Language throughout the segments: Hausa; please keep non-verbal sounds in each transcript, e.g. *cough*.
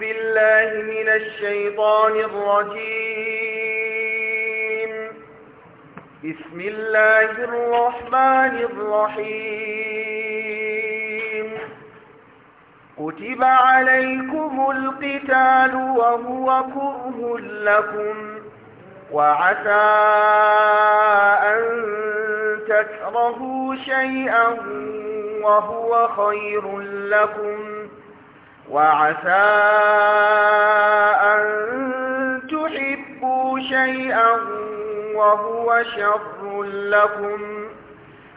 بالله من الشيطان الرجيم بسم الله الرحمن الرحيم كتب عليكم القتال وهو كره لكم وعسى أن تكرهوا شيئا وهو خير لكم وعسى أن تحبوا شيئا وهو شر لكم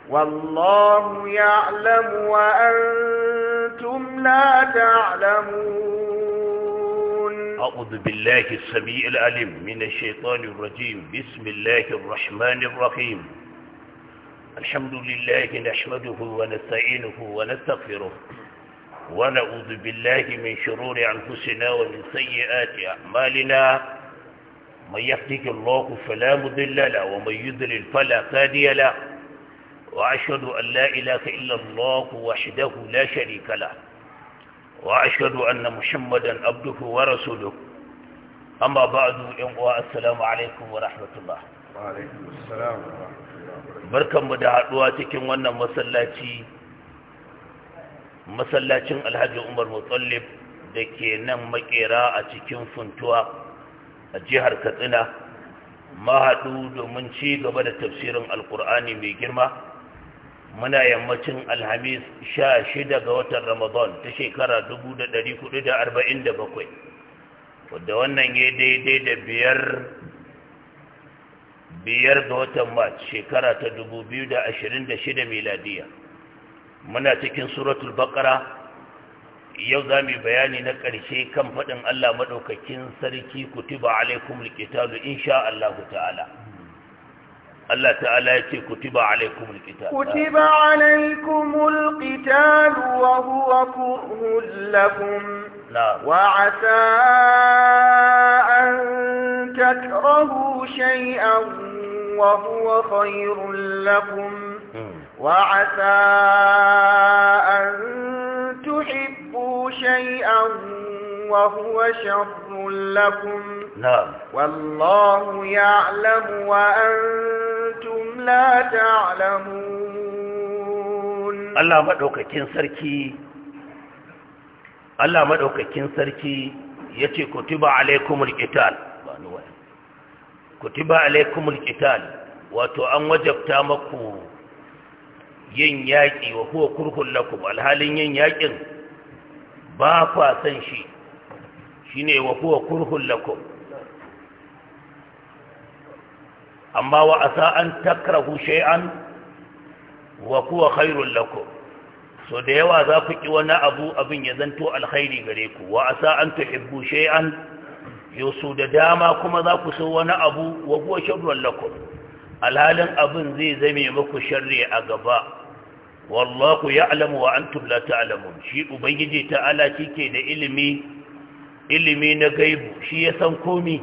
والله يعلم وأنتم لا تعلمون أعوذ بالله السميع العليم من الشيطان الرجيم بسم الله الرحمن الرحيم الحمد لله نحمده ونستعينه ونستغفره ونعوذ بالله من شرور أنفسنا ومن سيئات أعمالنا من يهده الله فلا مضل له ومن يضلل فلا هادي له وأشهد أن لا إله إلا الله وحده لا شريك له وأشهد أن محمدا عبده ورسوله أما بعد السلام عليكم ورحمة الله وعليكم السلام ورحمة الله بركة مدعاة واتكم وأنا مسلاتي masallacin alhaji umar mutallib da ke nan makera a cikin funtuwa a jihar katsina mahaɗu domin ci gaba da tafsirin alkur'ani mai girma muna yammacin alhamis sha shida ga watan ramadan ta shekara 1447 wadda wannan ya daidai da biyar biyar ga watan mat shekara ta 2026 miladiyya muna cikin suratul baqara yau za mu bayani na ƙarshe kan faɗin Allah maɗaukakin sarki kutuba alaikum alqitalu insha Allah ta'ala Allah ta'ala ya ce kutuba alaikum alqitalu Kutuba alaikum alqitalu wa huwa kurhun lakum wa asa an takrahu shay'an wa huwa khairun lakum وعسى أن تحبوا شيئا وهو شر لكم لا. والله يعلم وأنتم لا تعلمون الله ما دوك كين sarki yace kutiba alaikumul qital kutiba alaikumul qital wato an wajabta maku. yin yaƙi wa kuwa kurkun lakum alhalin yin yaƙin ba kwa san shi shi ne wa kuwa kurkun lakum amma wa asa an takrahu shay'an wa kuwa khairun lakum so da yawa za ku ƙi wani abu abin ya zanto alkhairi gare ku wa asa an tuhibbu shay'an yau da dama kuma za ku so wani abu wa kuwa sharrun lakum alhalin abin zai zame muku sharri a gaba wallahu ya'lamu wa antum la ta'lamun shi ubangiji ta'ala ke da ilimi ilimi na gaibu shi ya san komi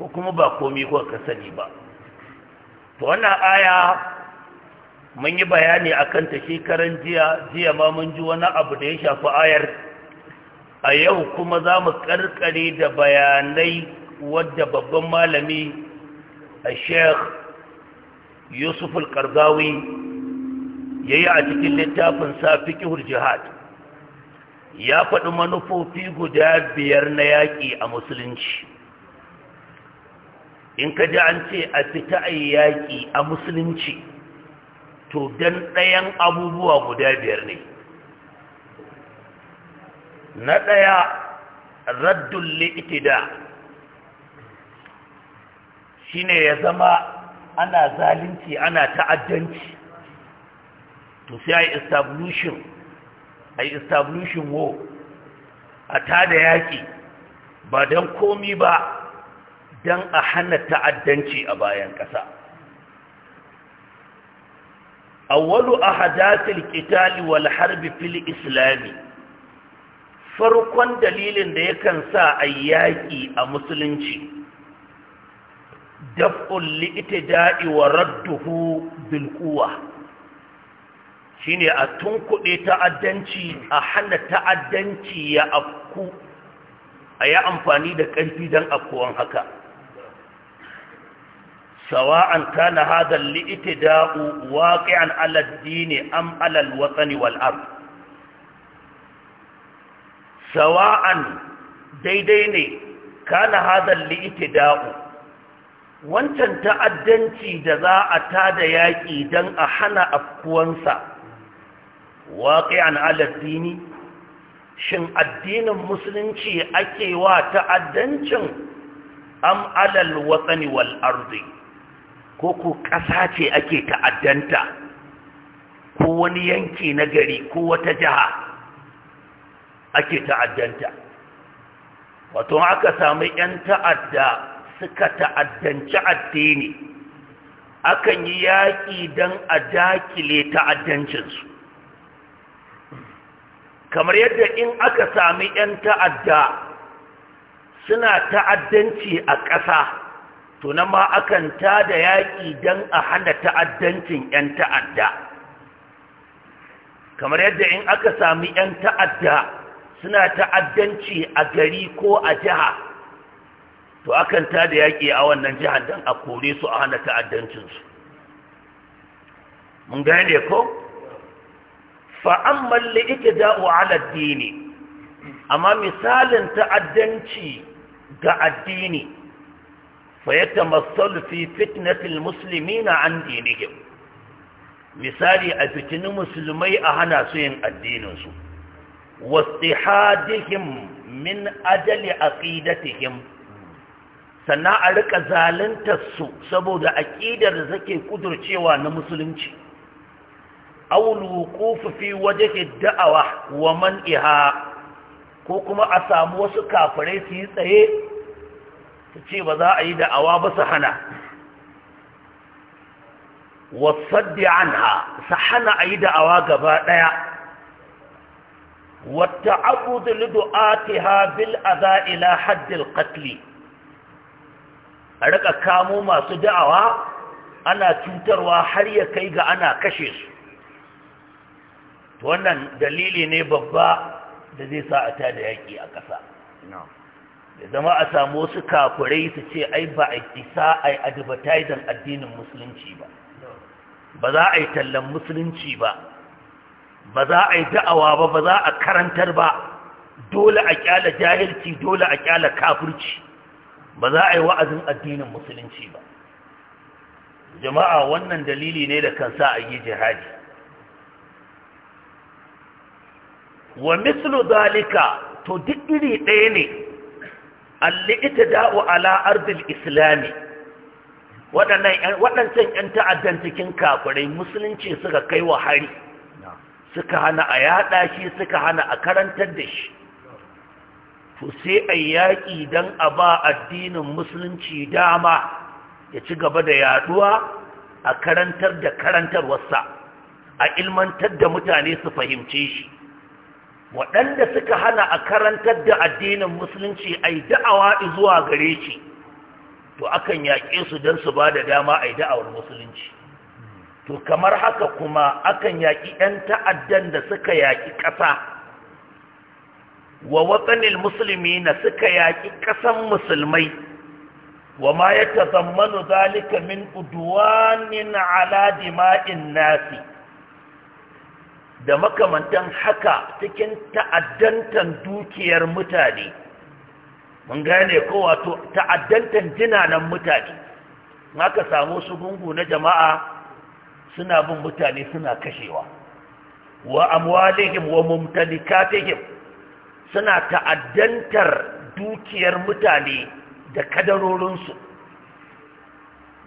ko kuma ba komi ko ka sani ba to wannan aya mun yi bayani akan ta shekaran jiya jiya ma mun ji wani abu da ya shafi ayar a yau kuma za mu karkare da bayanai wadda babban malami a sheikh yusuf al ya yi a cikin littafin safi fiƙihul jihad ya faɗi manufofi guda biyar na yaƙi a musulunci in ka ji an ce a fita a yaƙi a musulunci to don ɗayan abubuwa guda biyar ne na ɗaya raddun Shi ne ya zama ana zalunci ana ta'addanci to sai a yi establishin a wo a tada yaƙi ba don komi ba don a hana ta'addanci a bayan ƙasa awwalu ahadathil qitali wal harbi fil islami farkon dalilin da yakan sa a yaƙi a musulunci daf'ul li'tida'i wa radduhu bil quwwah shine a tunkuɗe ta'addanci a hana ta'addanci ya afku a yi amfani da ƙarfi don afkuwan haka sawa'an na hadal li'tida'u waqi'an 'ala ad-din am 'ala al-watani wal ard sawa'an daidai ne ka na kana hadal li'tida'u wancan ta'addanci da za a tada yaƙi don a hana afkuwansa waqi'an an dini shin addinin musulunci ake wa ta'addancin am alal watsani wal ardi ko ko ƙasa ce ake ta'addanta ko wani yanki na gari ko wata jiha ake ta'addanta wato aka samu 'yan ta'adda suka ta'addanci addini akan yi yaƙi don a dakile ta'addancinsu kamar yadda in aka sami 'yan ta'adda suna ta'addanci a ƙasa tunan ma akan ta da yaƙi don a hana ta'addancin 'yan ta'adda kamar yadda in aka sami 'yan ta'adda suna ta'addanci a gari ko a jiha to akan ta da yaƙi a wannan jihar don a kore su a hana ta'addancinsu mun gane ko? fa'amman liƙi ala dini, amma misalin ta'addanci ga addini fa ya tamassalu fi fitnatil musulmi na an dinihim misali a fitinin musulmai a hana su yin addininsu wasihadihim min ajali aqidatihim sannan a rika zaluntar su saboda aƙidar da suke kudurcewa na musulunci aw alwuquf fi wajhi da'awa wa man'iha ko kuma a samu wasu kafirai su yi tsaye su ce ba za a yi da'awa ba su hana wasaddi anha su hana a yi da'awa gaba ɗaya wata abu da lidu'atiha bil aza ila haddil katli a rika kamo masu da'awa ana cutarwa har ya kai ga ana kashe su wannan dalili ne babba da zai sa a tada yaƙi a ƙasa da zama a samu wasu kafurai su ce ai ba a isa a yi adivataizan addinin musulunci ba ba za a yi tallan musulunci ba ba za a yi da'awa ba ba za a karantar ba dole a ƙyala jahilci dole a kyala kafurci. ba za a yi wa'azin addinin musulunci ba jama'a wannan dalili ne da kan sa a yi jihadi wa mislu zalika to duk iri ɗaya ne alli ita da'u ala ardil islami waɗancan 'yan ta'addan cikin kafirai musulunci suka kai wa hari suka hana a yaɗa shi suka hana a karantar da shi to sai a yaƙi don a ba addinin musulunci dama ya ci gaba da yaɗuwa a karantar da karantarwarsa a ilmantar da mutane su fahimce shi waɗanda suka hana a karantar da addinin musulunci a yi da'awa zuwa gare shi to akan yaƙe su don su ba da dama a yi da'awar musulunci to kamar haka kuma akan yaƙi 'yan ta'addan da suka yaƙi ƙasa wa watsanin musulmi na suka yaƙi ƙasan musulmai wa ma ya zammanu zalika min uduwanin ala dima'in nasi da makamantan haka cikin ta'addantan dukiyar mutane mun gane ko wato ta'addantan jinanan mutane aka samu su gungu na jama'a suna bin mutane suna kashewa wa amwalihim wa mumtalikatihim suna ta'addantar dukiyar mutane da kadarorinsu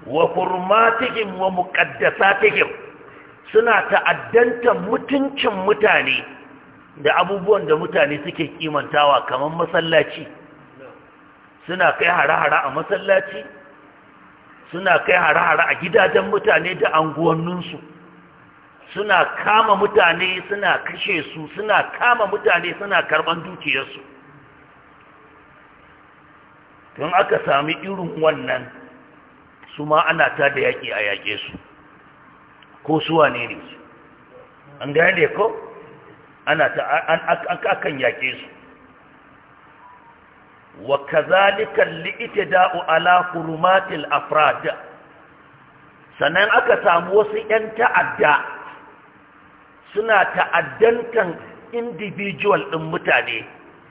wa kurmatihim wa muqaddasatihim suna ta'addantar mutuncin mutane da abubuwan da mutane suke kimantawa kamar masallaci suna kai hare a masallaci suna kai hare-hare a gidajen mutane da anguwanninsu suna kama mutane suna kashe su suna kama mutane suna karban dukiyarsu Tun aka sami irin wannan su ma ana ta da yaƙi a yaƙe su ko suwa ne ne an gane ko ana ta akan yaƙe su wa kazalika li'tida'u ala hurumatil afrad sannan aka samu wasu 'yan ta'adda suna ta'addantan individual ɗin mutane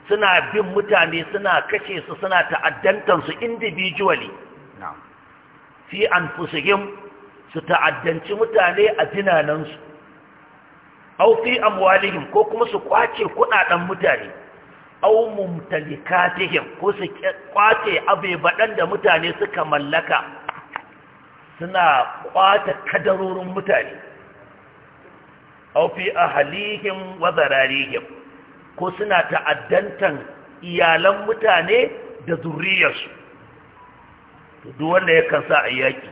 suna bin mutane suna kashe su suna ta'addantan su individually fi anfusihim su ta'addanci mutane a jinanansu, au fi amwalihim ko kuma su kwace kudaden mutane au mumtalikatihim ko su kwace abebadan da mutane suka mallaka suna kwata kadarorin mutane au fi ahlihim wa zararihim ko suna ta'addantan iyalan mutane da zuriyarsu duk wanda yakan sa a yaki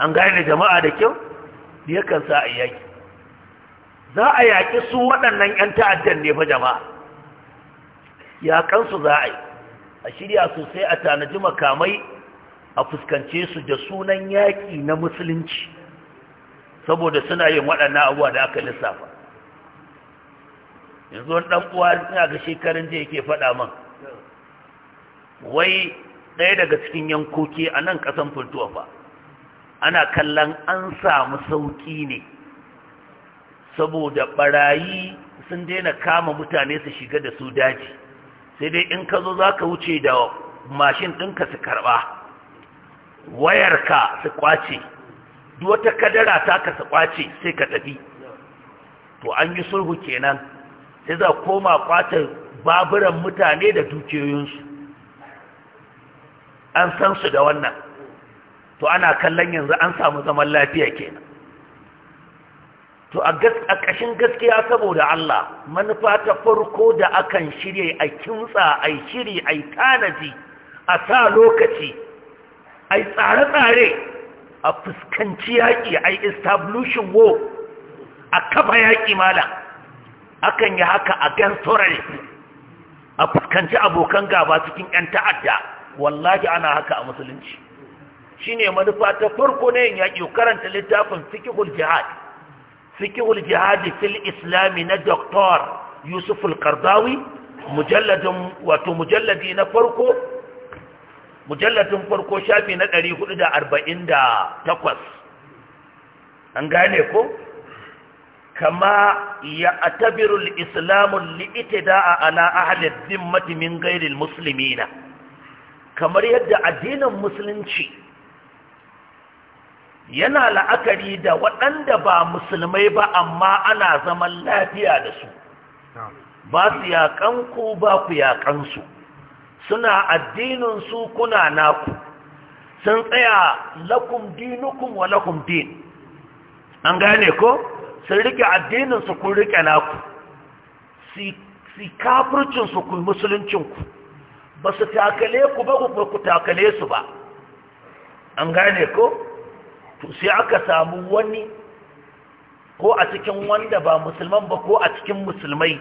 an gane jama'a da kyau yakan sa a yaki za a yaki su waɗannan 'yan ta'addan ne fa jama'a yaƙansu za a yi a shirya sosai a tanaji makamai a fuskance su da sunan yaƙi na musulunci saboda suna yin waɗannan abuwa da aka lissafa yanzu wani ɗan uwa ina ga shekarun jiya yake faɗa man wai ɗaya daga cikin yankoki a nan ƙasan fultuwa ba ana kallon an samu sauƙi ne saboda ɓarayi sun daina kama mutane su shiga da su daji sai dai in ka zo za ka wuce da mashin ɗinka su karɓa wayarka su ƙwace wata kadara ta ka su ƙwace sai ka tafi to an yi sulhu kenan sai za koma kwatar baburan mutane da dukiyoyinsu an san su da wannan to ana kallon yanzu an samu zaman lafiya kenan to a ƙashin gaskiya saboda Allah manufa ta farko da akan shirya a kintsa a shiri a tanadi a sa lokaci a tsare-tsare a fuskanci yaƙi a establishin wo a kafa yaƙi mala akan yi haka a gan a fuskanci abokan gaba cikin 'yan ta'adda wallahi ana haka a musulunci shine manufa ta farko ne yaƙi karanta littafin fikihul jihad fikihul jihad fil islami na doktor yusuf al-qardawi mujalladin wato mujalladi na farko mujalladin farko shafi na 448 an gane ko kama ya atabirul islamun li'itida'a ala ahalin zimmati min gairil musulmina kamar yadda addinin musulunci yana la'akari da waɗanda ba musulmai ba amma ana zaman lafiya da su ba su yaƙan ku ba ku yaƙan su suna addinin su kuna naku sun tsaya lakum dinukum wa lakum din an gane ko sun rike addinin su kun rike naku si kafircin su kun musuluncin ku ba su takale ku ba ku takale su ba an gane ko to sai aka samu wani ko a cikin wanda ba musulman ba ko a cikin musulmai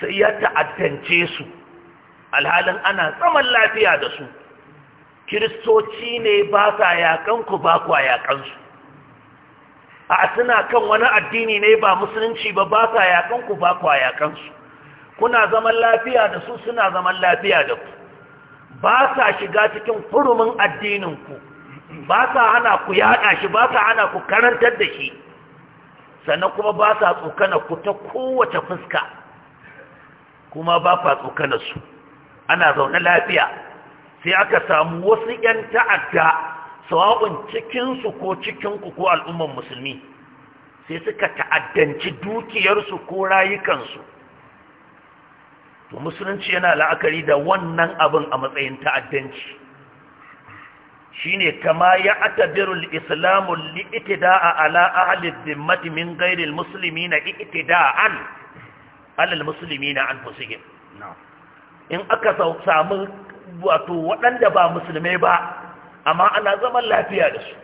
sai ya ta'addance su alhalin ana tsaman lafiya da su kiristoci ne ba sa yaƙanku ba kwa yaƙansu a suna kan wani addini ne ba musulunci ba ba sa yaƙanku ba kwa yaƙansu kuna zaman lafiya da su suna zaman lafiya da ku ba sa shiga cikin furumin addininku ba sa hana ku yaɗa shi ba sa hana ku karantar da shi sannan kuma ba sa tsokana ku ta kowace fuska kuma ba fa tsokana su ana zaune lafiya sai aka samu wasu 'yan ta'adda sawa'un cikinsu ko cikinku ko al'umman musulmi sai suka ta'addanci dukiyarsu ko rayukansu to musulunci yana la'akari da wannan abin a matsayin ta'addanci shine kama ya atabiru islamu li itida'a ala ahli dhimmati min ghairi almuslimina itida'an na an anfusihim in aka samu wato waɗanda ba musulmai ba amma ana zaman lafiya da su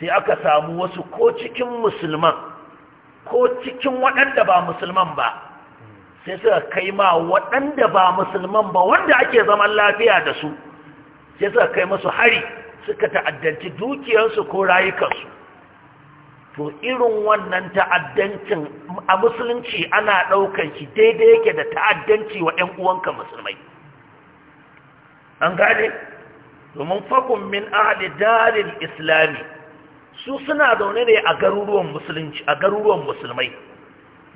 sai aka samu wasu ko cikin musulman ko cikin waɗanda ba musulman ba sai suka kai ma waɗanda ba musulman ba wanda ake zaman lafiya da su sai suka kai masu hari suka ta'addanci dukiyarsu ko rayukansu to irin wannan ta'addancin a musulunci ana ɗaukar shi daidai yake da ta'addanci wa 'yan uwanka musulmai an gane domin fakun min ahli darin islami su suna zaune ne a garuruwan musulunci musulmai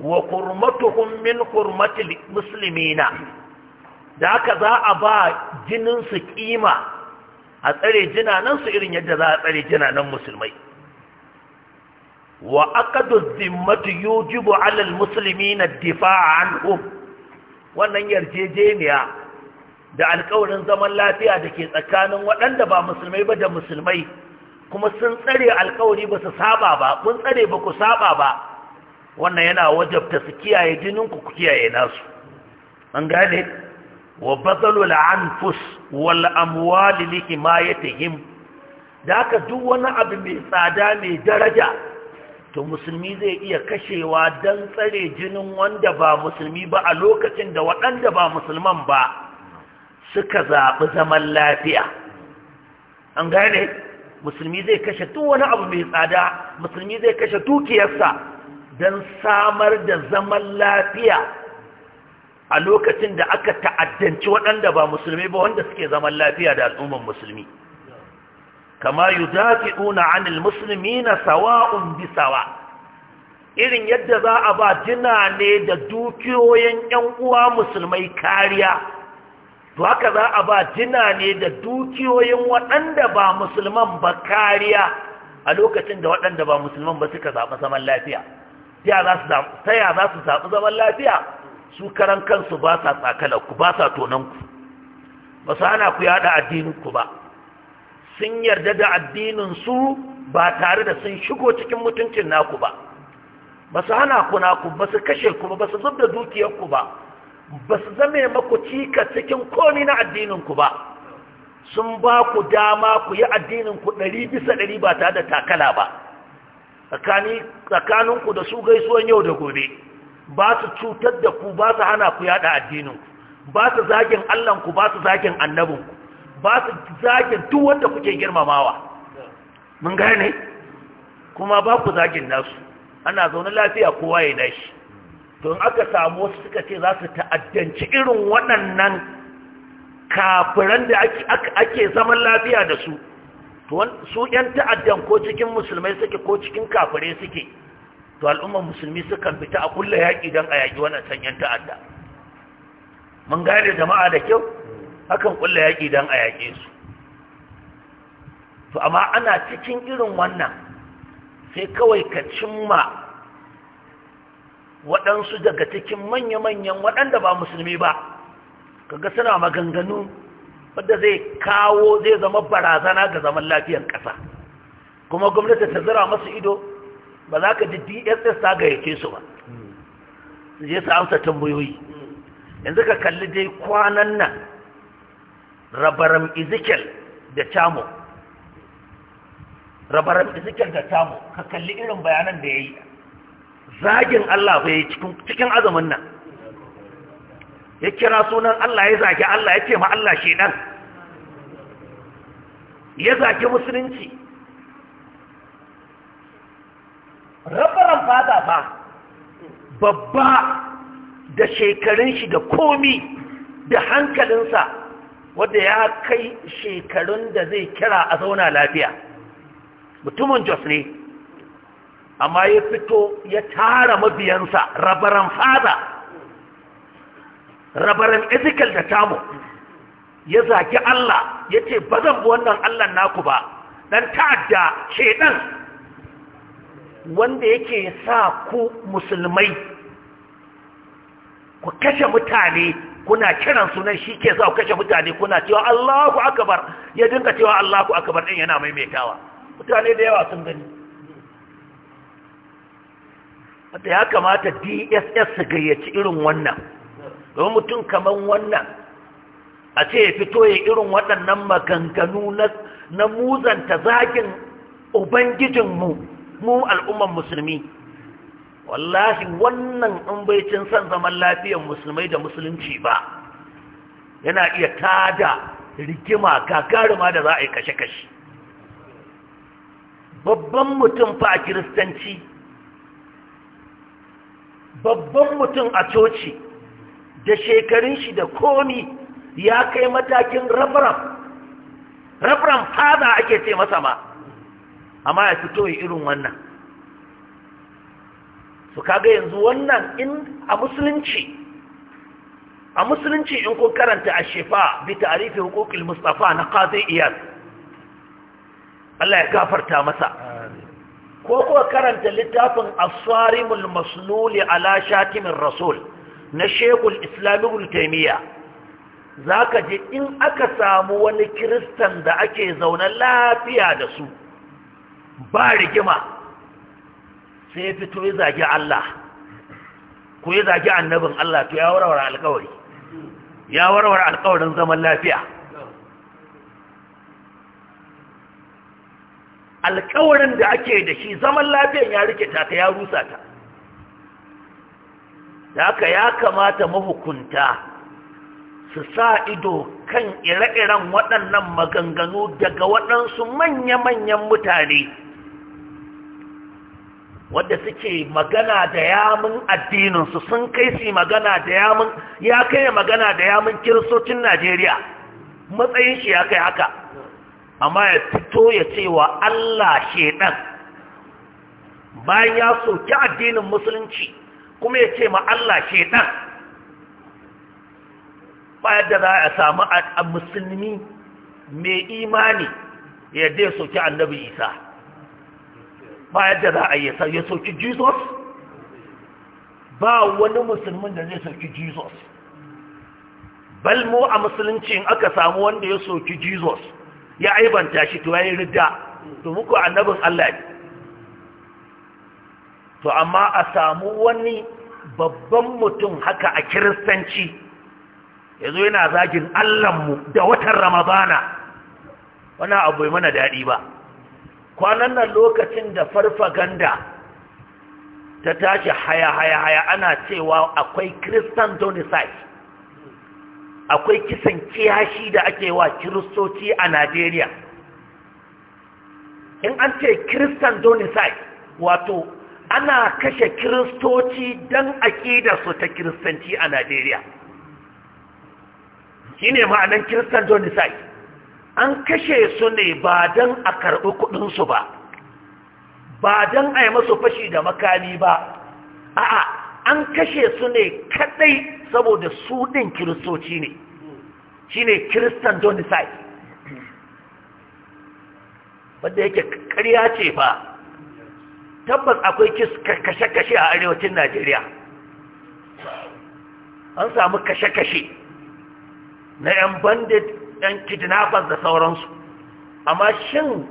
wa kurmatuhum min kurmatil muslimina da haka za a ba jininsu kima a tsare su irin yadda za a tsare jinanan musulmai wa aqadu zimmatu yujibu ala almuslimin ad-difa'a anhum wannan yarjejeniya da alƙawarin zaman lafiya da ke tsakanin waɗanda ba musulmai ba da musulmai kuma sun tsare alƙawari ba su saba ba kun tsare ba ku saba ba wannan yana wajabta su kiyaye jininku ku kiyaye nasu an gane wa batalul anfus wal amwal li himayatihim da aka duk wani abu mai tsada mai daraja to musulmi zai iya kashewa don tsare jinin wanda ba musulmi ba a lokacin da waɗanda ba musulman ba suka zaɓi zaman lafiya an gane musulmi zai kashe duk wani abu mai tsada musulmi zai kashe dukiyarsa don samar da zaman lafiya a lokacin da aka ta'addanci waɗanda ba musulmi ba wanda suke zaman lafiya da al'umman musulmi kama yudafi'una 'anil muslimina sawa'un bi sawa irin yadda za a ba ne da dukiyoyin 'yan uwa musulmai kariya to haka za a ba ne da dukiyoyin waɗanda ba musulman ba kariya a lokacin da waɗanda ba musulman ba suka zaɓi zaman lafiya ta ya za su zaɓi zaman lafiya su karan kansu ba sa tsakalar ku ba sa tonan ku ba su hana ku yada addinin ku ba sun yarda da addinin su ba tare da sun shigo cikin mutuncin naku ba ba su hana ku naku ba su kashe ku ba ba su zubda dukiyar ku ba ba su zame maku cika cikin komi na addinin ku ba sun ba ku dama ku yi addinin ku ɗari bisa ɗari ba tare da takala ba tsakaninku da su gaisuwan yau da gobe ba su cutar da ku ba su hana ku yada addinin ba su zagin Allah ba su zagin annabin ba su zagin duk wanda kuke girmamawa mun gane kuma ba ku zagin nasu ana zaune lafiya kowa ya nashi to in aka samu wasu suka ce za su ta'addanci irin waɗannan kafiran da ake zaman lafiya da su to su 'yan ta'addan ko cikin musulmai suke ko cikin kafirai suke to al'ummar musulmi sukan fita a kulla yaƙi don a yaƙi wannan sanyin ta'adda mun gane jama'a da kyau akan kulla yaƙi don a yaƙe su to amma ana cikin irin wannan sai kawai ka cimma waɗansu daga cikin manya-manyan waɗanda ba musulmi ba Ka ga suna maganganu wadda zai kawo zai zama barazana ga zaman lafiyar ƙasa kuma gwamnati ta zira masu ido ba za ka ji dss ta gayyace su ba su je su amsa tambayoyi yanzu ka kalli dai kwanan nan rabaram ezekiel da chamo rabaram ezekiel da chamo ka kalli irin bayanan da ya yi zagin allah bai cikin azumin nan ya kira sunan allah ya zagi allah ya ce ma allah shedan ya zaki musulunci rabaran fata ba babba da shekarun shi da komi da hankalinsa wadda ya kai shekarun da zai kira a zauna lafiya mutumin jos ne amma ya fito ya tara mabiyansa rabaran fada rabaran ethical da tamu ya zaki Allah ya ce ba zan bi wannan Allah naku ba dan ta'adda shedan wanda yake sa ku musulmai ku kashe mutane kuna kiran sunan shi ke sa ku kashe mutane kuna cewa Allahu akbar ya dinka cewa Allahu akbar din yana maimaitawa mutane da yawa sun gani da ya kamata DSS su gayyaci irin wannan domin mutum kaman wannan a ce ya fito ya irin waɗannan maganganu na muzanta zagin ubangijinmu mu al'umman musulmi wallahi wannan in bai cin san zaman lafiyar musulmai da musulunci ba yana iya tada rigima gagaruma da za a yi kashe-kashe babban mutum fa a kiristanci babban mutum a coci da shekarun shi da komi ya kai matakin rabram rabram fada ake ce masa ma amma ya fito ya irin wannan su kaga yanzu wannan in a musulunci a musulunci in kun karanta a shefa bi ta'arifi hukukul mustafa na qadi iyad Allah ya gafarta masa ko kuwa karanta littafin as Masluli ala shatimin rasul na shekul islam taimiyya za zaka ji in aka samu wani kiristan da ake zaune lafiya da su ba rigima sai fito ya zagi Allah ko ya zagi annabin Allah to ya warware alkawari ya warware alkawarin zaman lafiya alkawarin da ake da shi zaman lafiyan ya rike ta ya rusa ta da haka ya kamata mahukunta su sa ido kan ire-iren waɗannan maganganu daga waɗansu manya-manyan mutane wadda suke magana da yamin addininsu sun kai su magana da yamin ya kai magana da yamin kiristocin najeriya matsayin shi ya kai haka amma ya fito ya ce wa allah shedan bayan ya soki addinin musulunci kuma ya ce ma allah shedan bayan da za a samu a musulmi mai imani ya dai soki annabi isa ba yadda za a yi ya soki jesus ba wani musulmin da zai soki jesus balmo a musulunci in aka samu wanda ya soki jesus ya aibanta shi to ya yi ridda to muku annabin allah ne to amma a samu wani babban mutum haka a kiristanci ya zo yana zagin mu, da watan ramadana wani abu mana daɗi ba kwanan nan lokacin da farfaganda ta tashi haya haya haya ana cewa akwai kristan Donisa'i, akwai kisan kiyashi da ake wa kiristoci a najeriya in an ce kristan Donisa'i, wato ana kashe kiristoci don su ta kiristanci a najeriya shi ne ma'anan kiristan Donisa'i. an kashe su ne ba don a karɓi kuɗinsu ba ba don a yi masu fashi da makami ba a'a an kashe su ne kaɗai saboda su ɗin kiristoci ne shi ne kiristan donisai wadda yake ƙarya ce ba tabbas akwai kashe-kashe a arewacin najeriya an samu kashe-kashe na 'yan bandit Ɗan kidnappers da sauransu amma shin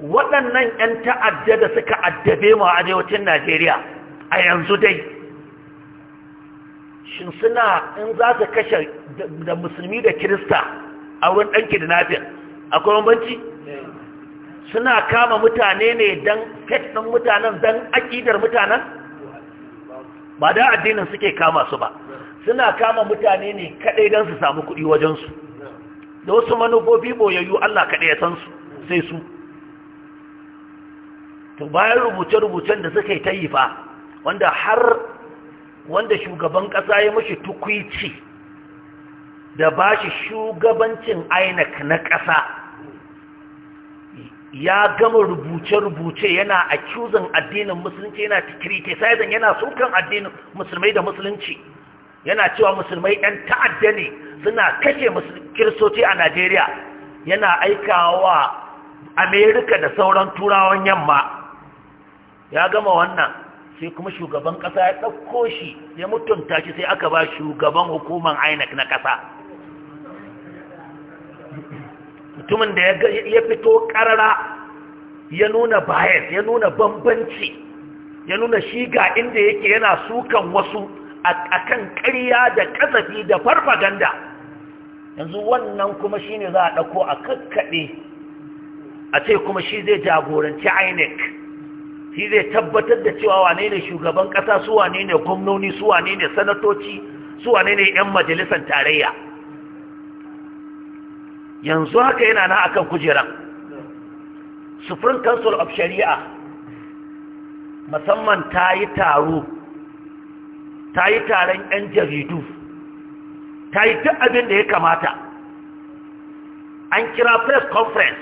waɗannan 'yan ta'adda da suka addabe mu a arewacin najeriya a yanzu dai shin suna in za su kashe da musulmi da kirista a wurin ɗan kidnapping akwai bambanci suna kama mutane ne don fet mutanen don aƙidar mutanen ba da addinin suke kama su ba suna kama mutane ne kaɗai don su samu kuɗi wajensu da wasu manufofi boyayyu Allah kaɗai ya san su sai su to bayan rubuce-rubucen da suka yi ta yi fa wanda har wanda shugaban ƙasa ya mashi tukwici da ba shi shugabancin INEC na ƙasa ya gama rubuce-rubuce yana accusing addinin musulunci yana criticizing yana sukan addinin musulmai da musulunci yana cewa musulmai 'yan ta'adda ne suna kashe kiristoci a najeriya yana aikawa amerika da sauran turawan yamma ya gama wannan sai kuma shugaban kasa ya ɗauko shi ya mutunta shi sai aka ba shugaban hukuman inec na kasa mutumin da ya fito ƙarara, ya nuna bias ya nuna bambanci ya nuna shiga inda yake yana sukan wasu akan ƙarya da kasafi da farfaganda yanzu wannan kuma shi ne za a ɗauko a kakkaɗe a ce kuma shi zai jagoranci inec shi zai tabbatar da cewa wane ne shugaban ƙasa su wane ne gwamnoni su wane ne sanatoci su wane ne 'yan majalisar tarayya yanzu haka yana na akan kujeran supreme council of shari'a musamman ta yi taro ta yi taron 'yan jaridu ta yi duk abin da ya kamata an kira press conference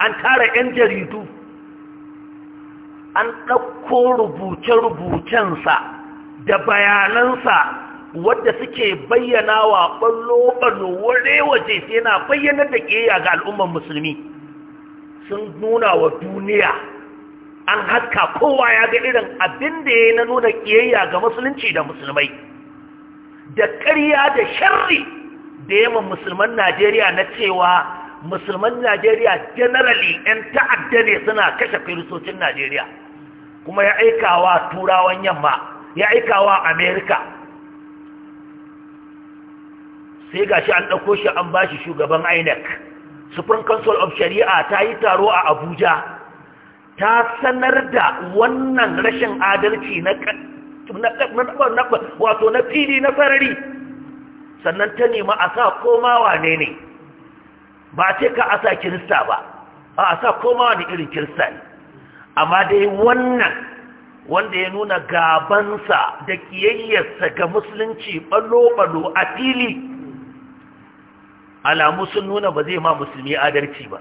an tara 'yan jaridu an ɗauko rubuce-rubucensa da bayanansa wadda suke bayyana wa ɓallo-ɓallo waje sai na bayyanar da ƙeya ga al'ummar musulmi sun nuna wa duniya an haska kowa ya ga irin abin da ya na nuna ƙiyayya ga musulunci da musulmai da ƙarya da sharri da yamma musulman najeriya na cewa musulman najeriya generally 'yan ta'adda ne suna kashe firistocin najeriya kuma ya aikawa turawan yamma ya aikawa amerika sai ga shi an ɗauko shi an bashi shugaban inec supreme council of shari'a ta yi taro a abuja ta sanar da wannan rashin adalci na wato na fili na sarari sannan ta nema a sa komawa ne ne ba ce ka a sa kirista ba a sa komawa ne irin kirista ne amma dai wannan wanda ya nuna gabansa da kiyayyarsa ga musulunci balo-balo a fili alamu sun nuna ba zai ma musulmi adalci ba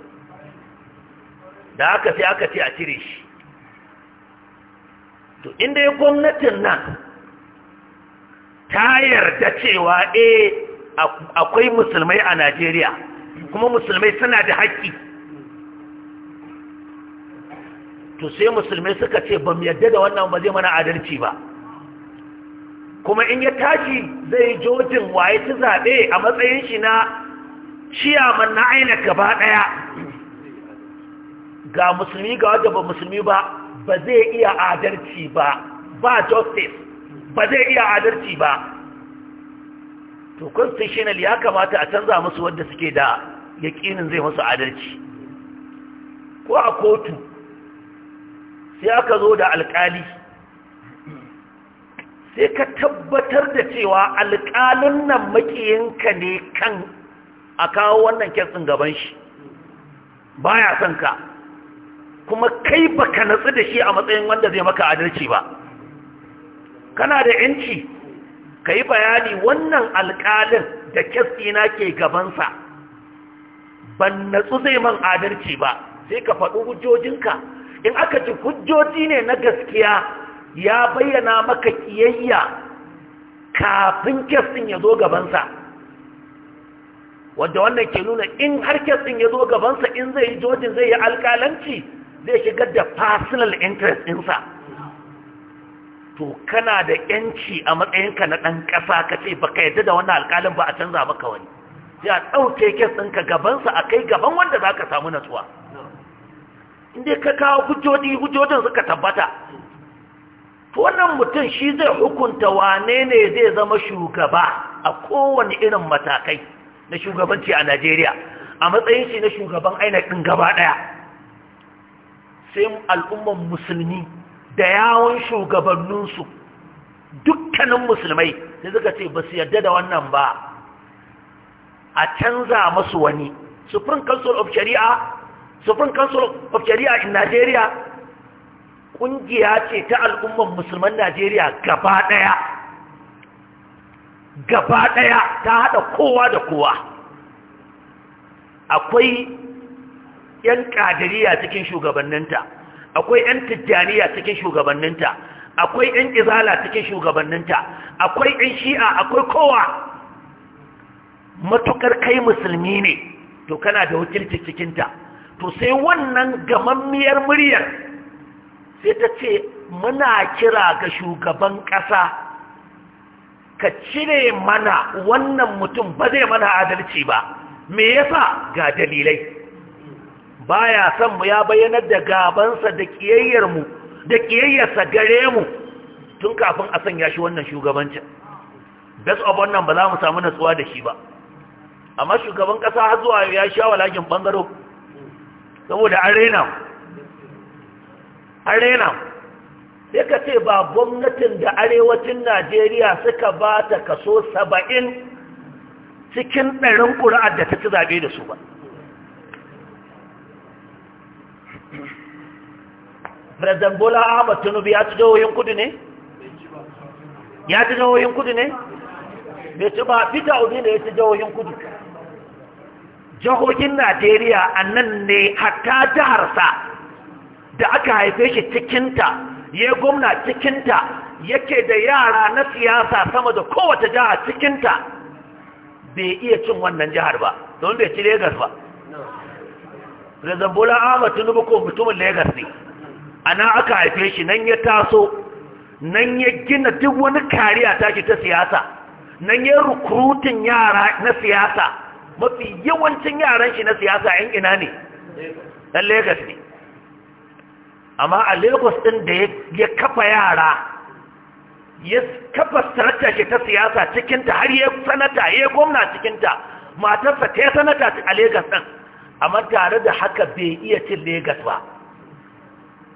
da aka sai aka ce a cire shi to inda ya gwamnatin nan ta yarda cewa e akwai musulmai a najeriya kuma musulmai suna da haƙƙi to sai musulmai suka ce ba mu yarda da wannan ba zai mana adalci ba kuma in ya tashi zai jojin waye ci zaɓe a matsayin shi na ciyaman na aina gaba ɗaya ga musulmi ga wadda ba musulmi ba ba zai iya adalci ba ba justice ba zai iya adalci ba to constitutional ya kamata a canza musu wadda suke da yakinin zai musu adalci ko a kotu sai aka zo da alkali sai ka tabbatar da cewa alƙalin nan makiyinka ne kan a kawo wannan kyan gaban shi Ba ya son ka kuma kai baka natsu da shi a matsayin wanda zai maka adalci ba kana da yanci ka yi bayani wannan alƙalin da kyastina ke gabansa ban natsu zai man adalci ba sai ka faɗi hujjojinka in aka ci hujjoji ne na gaskiya ya bayyana maka kiyayya kafin kyastin ya zo gabansa wadda wannan ke nuna in har kyastin ya zo gabansa in zai yi jojin zai yi alƙalanci zai shigar da personal interest ɗinsa to kana da yanci a matsayinka na ɗan ƙasa ka ce ba ka yadda da wannan alƙalin ba a canza maka wani ya ɗauke kes ɗinka gabansa a kai gaban wanda za ka samu natsuwa inda ka kawo hujjoji hujjojin suka tabbata to wannan mutum shi zai hukunta wane ne zai zama shugaba a kowane irin matakai na shugabanci a najeriya a matsayin shi na shugaban ainihin gaba ɗaya sai al'umman musulmi da yawon shugabanninsu dukkanin musulmai da suka ce ba su yarda da wannan ba a canza masu wani supreme council of shari'a supreme council of shari'a in nigeria kungiya ce ta al'umman musulman Najeriya gaba ɗaya. gaba ɗaya ta haɗa kowa da kowa akwai 'yan ƙadiriya cikin shugabanninta akwai 'yan tijjaniya cikin shugabanninta akwai 'yan izala cikin shugabanninta akwai 'yan shi'a akwai kowa matukar kai musulmi ne to kana da wakilci cikinta to sai wannan gamammiyar muryar sai ta ce muna kira ga shugaban ƙasa ka cire mana wannan mutum ba zai mana adalci ba me yasa ga dalilai baya san mu ya bayyanar da gabansa da kiyayyar da gare mu tun kafin a sanya shi wannan shugabancin best of wannan ba za mu samu natsuwa da shi ba amma shugaban ƙasa har zuwa ya sha walakin bangaro saboda an rena an rena sai ka ce ba gwamnatin da arewacin najeriya suka ba ta kaso saba'in cikin ɗarin ƙuri'ar da ta ci zaɓe da su ba president bola ahmad tinubu ya ci jihohin kudu ne ya ci jihohin kudu ne bai ci ba peter obi ne ya ci jihohin kudu jihohin najeriya a nan ne hatta jiharsa da aka haife shi cikinta ya gwamna cikinta yake da yara na siyasa sama da kowace jihar cikinta bai iya cin wannan jihar ba don bai ci Legas ba. Rezambola Ahmad Tinubu ko mutumin Legas ne. ana aka haife shi nan ya taso nan ya gina duk wani kariya shi ta siyasa nan ya rukrutin yara na siyasa mafi yawancin yaran shi na siyasa yan ina ne ɗan lagos ne amma a lagos ɗin da ya kafa yara ya kafa sanata shi ta siyasa cikinta har ya sanata ya gwamna cikinta matarsa ta sanata a lagos ɗin amma tare da haka bai iya cin lagos ba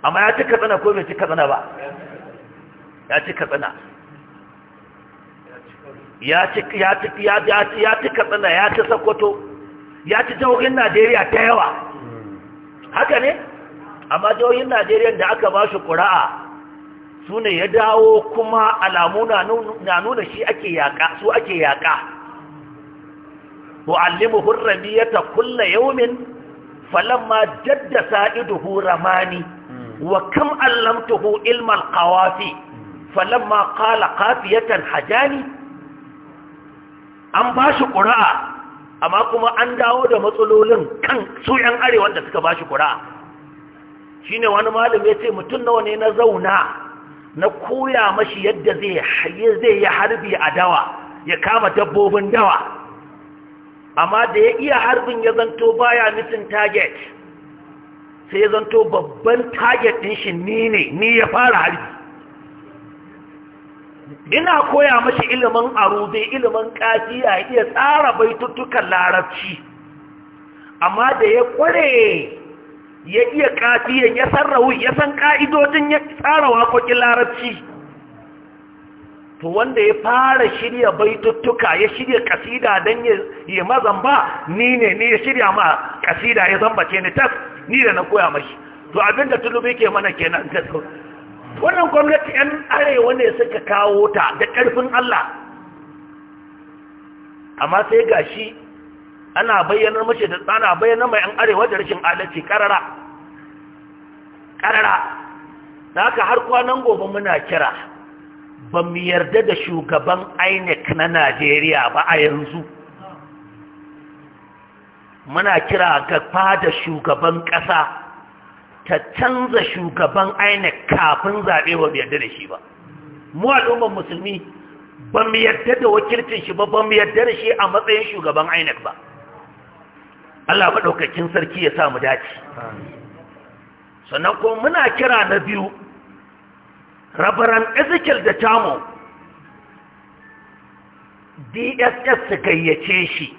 amma ya ci katsina ko bai ci katsina ba ya ci katsina ya ci katsina ya ci sokoto ya ci jihohin najeriya ta yawa haka ne amma jihohin najeriya da aka ba shi ƙura'a su ne ya dawo kuma alamu na nuna shi ake yaƙa su ake yaƙa mu'allimu hurrami ya ta kulla yaumin falamma jaddasa iduhu ramani wa kam allamtuhu ilmal qawafi falamma qala qafiyatan hajani an bashi qura'a amma kuma an dawo da matsalolin kan su yan arewa da suka bashi qura'a shine wani malami yace mutun nawa ne na zauna na koya mashi yadda zai haye zai yi harbi a dawa ya kama dabbobin dawa amma da ya iya harbin ya zanto baya mitin target sai ya zanto babban target ɗin shi ni ne ni ya fara harbi ina koya mashi ilimin aruzi ilimin kafiya iya tsara baitutukan larabci amma da ya kware ya iya kafiyan ya san rawi ya san ka'idojin ya tsara waƙoƙin larabci to wanda ya fara shirya baitutuka ya shirya kasida don ya mazamba ni ne ni ya shirya ma kasida ya zambace ni tas ni da na koya mashi to abinda da tulubi ke mana kenan ta *laughs* wannan gwamnati 'yan arewa ne suka kawo ta da ƙarfin Allah amma sai gashi ana bayyana mace da tsana bayyana mai 'yan arewa da rashin adalci karara ƙarara da haka har kwanan gobe muna kira ba mu yarda da shugaban INEC na Najeriya ba a yanzu muna kira ga fada shugaban ƙasa ta canza shugaban INEC kafin zaɓe wa yarda da shi ba mu al'ummar musulmi ba mu yarda da wakilcin shi ba ba mu yarda da shi a matsayin shugaban INEC ba Allah maɗaukakin sarki ya sa mu dace sannan kuma muna kira na biyu rabaran ezekiel da tamo dss su gayyace shi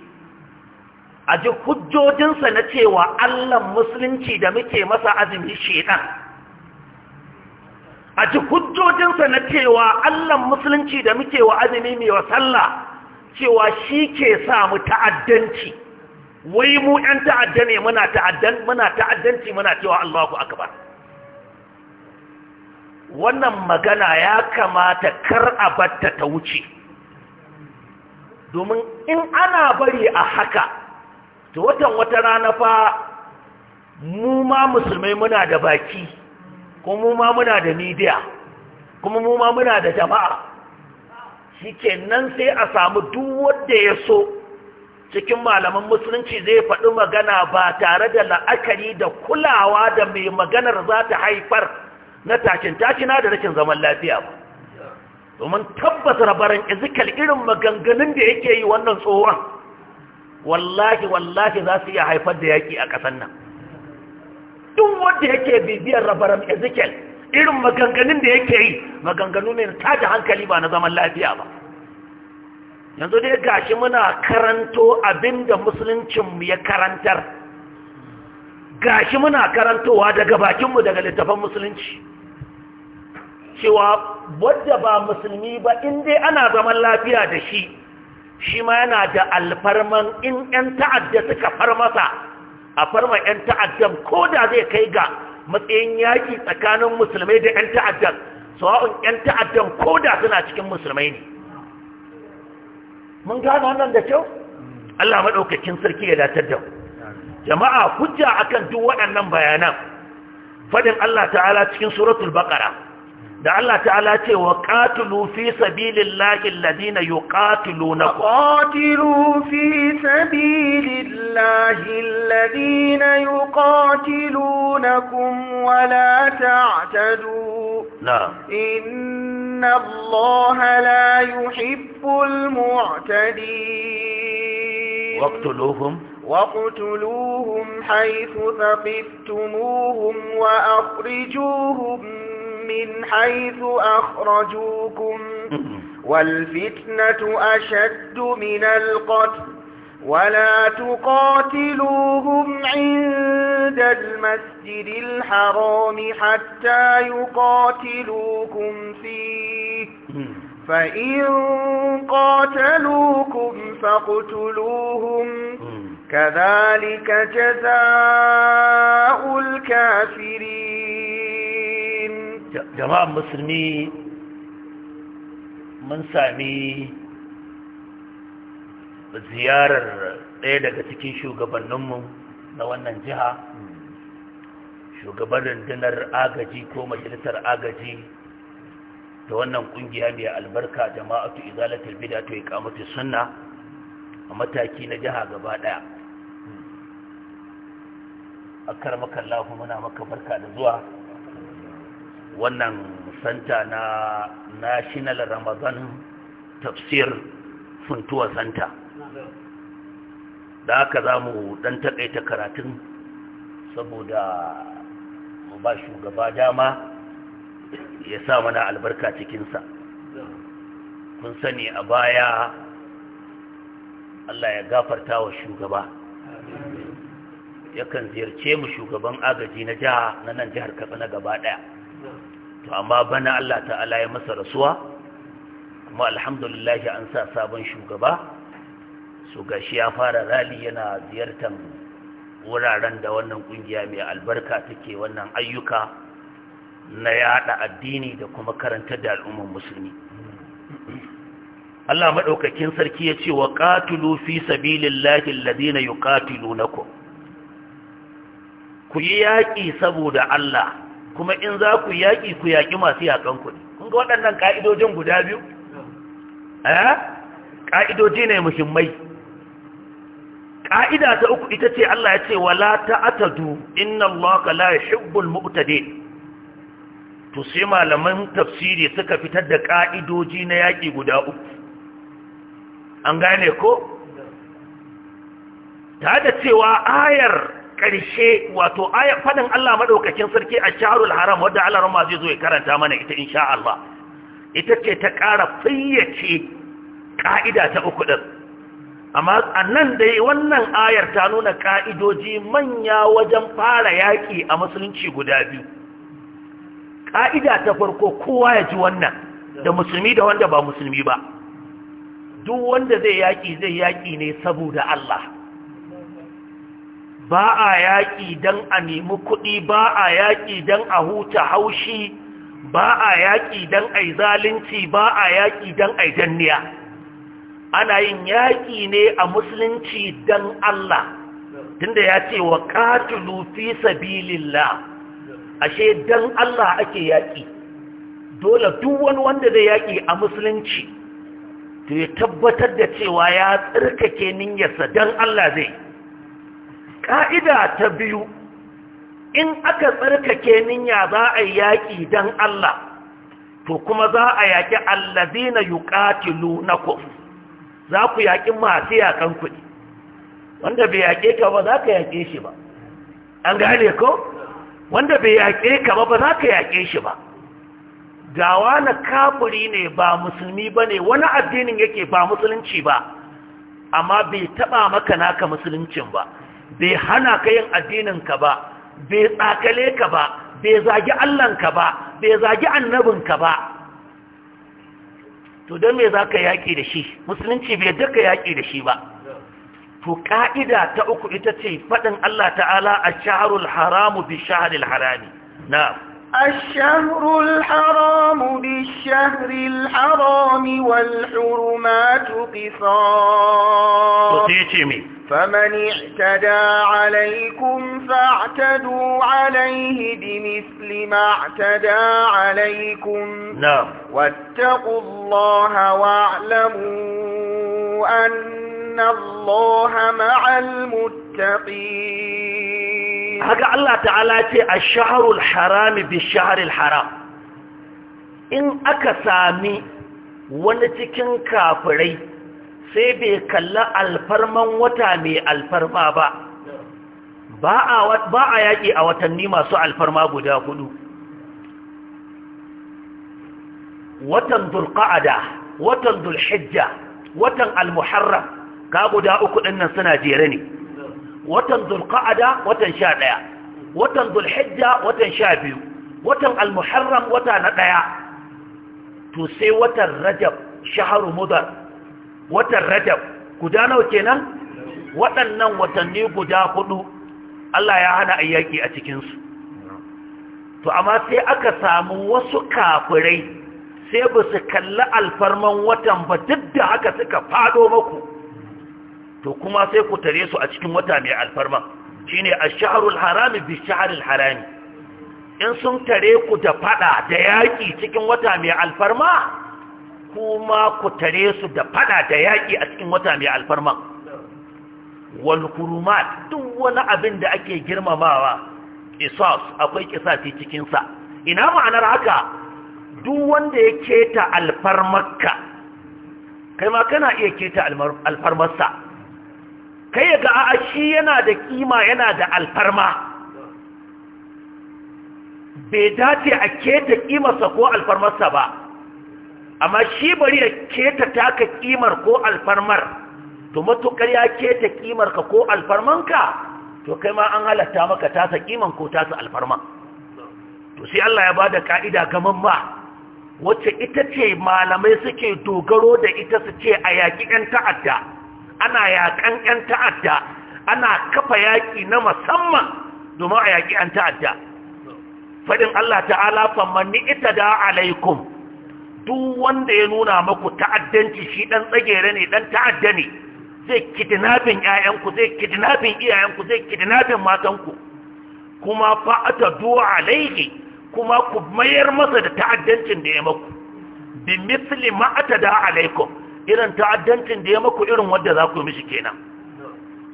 a ji hujjojinsa na cewa Allah musulunci da muke masa azumi shedan a ji hujjojinsa na cewa Allah musulunci da muke wa azumi mai wasalla cewa shi ke sa mu ta'addanci wai mu 'yan ta'adda ne muna ta'addanci muna cewa Allahu akaba. wannan magana ya kamata kar a batta ta wuce domin in ana bari a haka to watan wata rana fa mu ma musulmai muna da baki kuma mu ma muna da midiya, kuma mu ma muna da jama'a Shi nan sai a samu duk wanda ya so cikin malaman musulunci zai faɗi magana ba tare da la'akari da kulawa da mai maganar za ta haifar na tashin tashina da rashin zaman lafiya ba domin tabbas barin izikal irin maganganun da yake yi wannan tsohon wallahi wallahi za su iya haifar da yaƙi a ƙasar nan duk wanda yake bibiyar rabaram ezekiel irin maganganun da yake yi maganganu ne ta da hankali ba na zaman lafiya ba yanzu dai gashi muna karanto abin da musuluncinmu ya karantar gashi muna karantowa daga bakinmu daga littafan musulunci cewa wadda ba musulmi ba in dai ana zaman lafiya da shi shi ma yana da alfarman in 'yan ta'adda suka farmasa a farma 'yan ta'addan ko da zai kai ga matsayin yaƙi tsakanin musulmai da 'yan ta'addan sawa'un 'yan ta'addan ko da suna cikin musulmai ne mun gano wannan da kyau Allah maɗaukakin sarki ya datar da jama'a hujja akan duk waɗannan bayanan fadin Allah ta'ala cikin suratul baƙara. da Allah ta'ala ce wa qatilu fi sabilillahi alladhina yuqatilunakum qatilu fi sabilillahi alladhina yuqatilunakum wa la ta'tadu inna Allaha la yuhibbul mu'tadin waqtuluhum واقتلوهم حيث ثقفتموهم وأخرجوهم من حيث أخرجوكم *laughs* والفتنة أشد من القتل ولا تقاتلوهم عند المسجد الحرام حتى يقاتلوكم فيه *laughs* فإن قاتلوكم فاقتلوهم *laughs* كذلك جزاء الكافرين jama'an musulmi mun sami ziyarar ɗaya daga cikin shugabanninmu na wannan jiha shugaban rundunar agaji ko majalisar agaji da wannan ƙungiya mai albarka jama'atu izalatul bid'a to iqamatu sunna a mataki na jiha gaba ɗaya akramaka Allah muna maka barka da zuwa wannan santa na national ramadan tafsir funtuwa santa da haka za mu dan takaita karatun saboda mu ba shugaba dama ya sa mana albarka cikinsa kun sani a baya Allah ya gafarta wa shugaba yakan ziyarce mu shugaban agaji na jiha na nan jihar katsina gaba daya to amma bana Allah ta'ala ya masa rasuwa kuma alhamdulillah an sa sabon shugaba su gashi ya fara rali yana ziyartar wuraren da wannan kungiya mai albarka take wannan ayyuka na yada addini da kuma karanta da al'ummar musulmi Allah maɗaukakin sarki ya ce wa ƙatulu fi sabilillahi alladhina yuqatilunakum ku yi yaƙi saboda Allah kuma in za ku yaƙi ku yaƙi masu yaƙan ku kun ga waɗannan ƙa'idojin guda biyu eh ƙa'idoji ne muhimmai ƙa'ida ta uku ita ce Allah ya ce wala ta'atadu inna ka la yuhibbul mu'tadin to sai malaman tafsiri suka fitar da ƙa'idoji na yaƙi guda uku an gane ko ta da cewa ayar ƙarshe wato aya fadin Allah Maɗaukakin sarki a shaharul haram wadda Allah ran zai zo ya karanta mana ita insha Allah ita ce ta ƙara fayyace ƙa'ida ta uku ɗin. amma a nan dai wannan ayar ta nuna ƙa'idoji manya wajen fara yaƙi a musulunci guda biyu ƙa'ida ta farko kowa ya ji wannan da musulmi da wanda ba musulmi ba duk wanda zai yaƙi zai yaƙi ne saboda Allah ba a yaƙi don a nemi kuɗi ba a yaƙi don a huta haushi ba a yaƙi don a yi zalunci ba a yaƙi don a yi danniya ana yin yaƙi ne a musulunci dan Allah tunda ya ce wa katulu fi sabilillah ashe dan Allah ake yaƙi dole duk wani wanda zai yaƙi a musulunci to ya tabbatar da cewa ya tsirkake niyyarsa dan Allah zai ƙa'ida ta biyu in aka tsarkake niyya za a yaƙi don Allah to kuma za a yaƙi allazina yuqatilu nakum za ku yaƙi masu yaƙan kuɗi wanda bai yaƙe ka ba za ka yaƙe shi ba an gane ko wanda bai yaƙe ka ba ba za ka yaƙe shi ba gawa na kafuri ne ba musulmi ba ne wani addinin yake ba musulunci ba amma bai taɓa maka naka musuluncin ba bai hana ka yin addininka ba bai tsakale ka ba bai zagi allanka ba bai zagi annabinka ba to don me za ka yaƙi da shi musulunci bai yadda ka yaƙi da shi ba to ƙa'ida ta uku ita ce faɗin Allah ta'ala a shaharul haramu bi shaharil harami na الشهر الحرام بالشهر الحرام والحرمات قصاص فمن اعتدى عليكم فاعتدوا عليه بمثل ما اعتدى عليكم نعم واتقوا الله واعلموا أن الله مع المتقين هكا الله تعالى الشهر الحرام بالشهر الحرام إن أكسامي ونتكن كافرين sai bai kalla alfarman wata mai alfarma ba ba a yaƙi a watanni masu alfarma guda hudu watan dulƙa'ada, watan dulhijja watan almuharram ka guda uku dinnan suna jere ne watan dulƙa'ada, watan 11 watan dulhijja watan 12 watan almuharram wata na ɗaya. to sai watan rajab shahru mudar watan rajab guda nawa kenan waɗannan watanni guda hudu Allah ya hana ayyaki a cikinsu to amma sai aka samu wasu kafirai sai ba su kalli alfarman watan ba duk da aka suka fado maku to kuma sai ku tare su a cikin wata mai alfarman shine ash-shahrul harami bi shahril harami in sun tare ku da fada da yaki cikin wata mai alfarma kuma ku tare su da fada da yaƙi a cikin wata mai alfarma wal duk wani abin da ake girmamawa isos akwai qisasi cikinsa. ina ma'anar haka duk wanda ya keta alfarmarka kai ma kana iya keta alfarmarsa kai ga a'a shi yana da kima yana da alfarma bai dace a keta kimarsa ko alfarmarsa ba amma shi bari ya keta taka kimar ko alfarmar to matukar ya keta kimar ka ko alfarmanka to kai ma an halatta maka tasa kiman ko tasa alfarman to sai Allah ya bada ka'ida gaman ba wacce ita ce malamai suke dogaro da ita su ce a yaƙi ƴan ta'adda ana yaƙan ƴan ta'adda ana kafa yaƙi na musamman domin a yaƙi 'yan ta'adda faɗin Allah ta'ala famanni itada alaikum duk wanda ya nuna maku ta'addanci shi dan tsagere ne dan ta'adda ne zai kidnapping ƴaƴanku zai kidnapping iyayenku zai kidnapping matanku kuma fa atadu alaihi kuma ku mayar masa da ta'addancin da ya maku bi misli ma atada alaikum irin ta'addancin da ya maku irin wanda za ku mishi kenan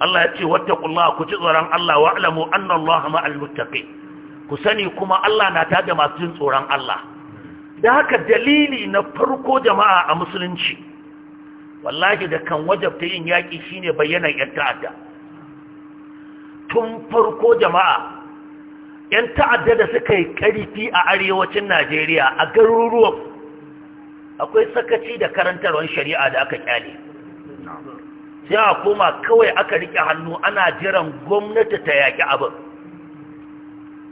Allah ya ce wattaqullaha ku ci tsoron Allah wa alamu anna Allaha ma'al muttaqin ku sani kuma Allah na tada masu jin tsoron Allah da haka dalili na farko jama'a a musulunci wallahi da kan wajabta yin yaƙi shine bayyana 'yan ta'adda tun farko jama'a 'yan ta'adda da suka yi ƙarfi a arewacin najeriya a garuruwan akwai sakaci da karantarwar shari'a da aka kyale sai a koma kawai aka riƙe hannu ana jiran gwamnati ta yaƙi abin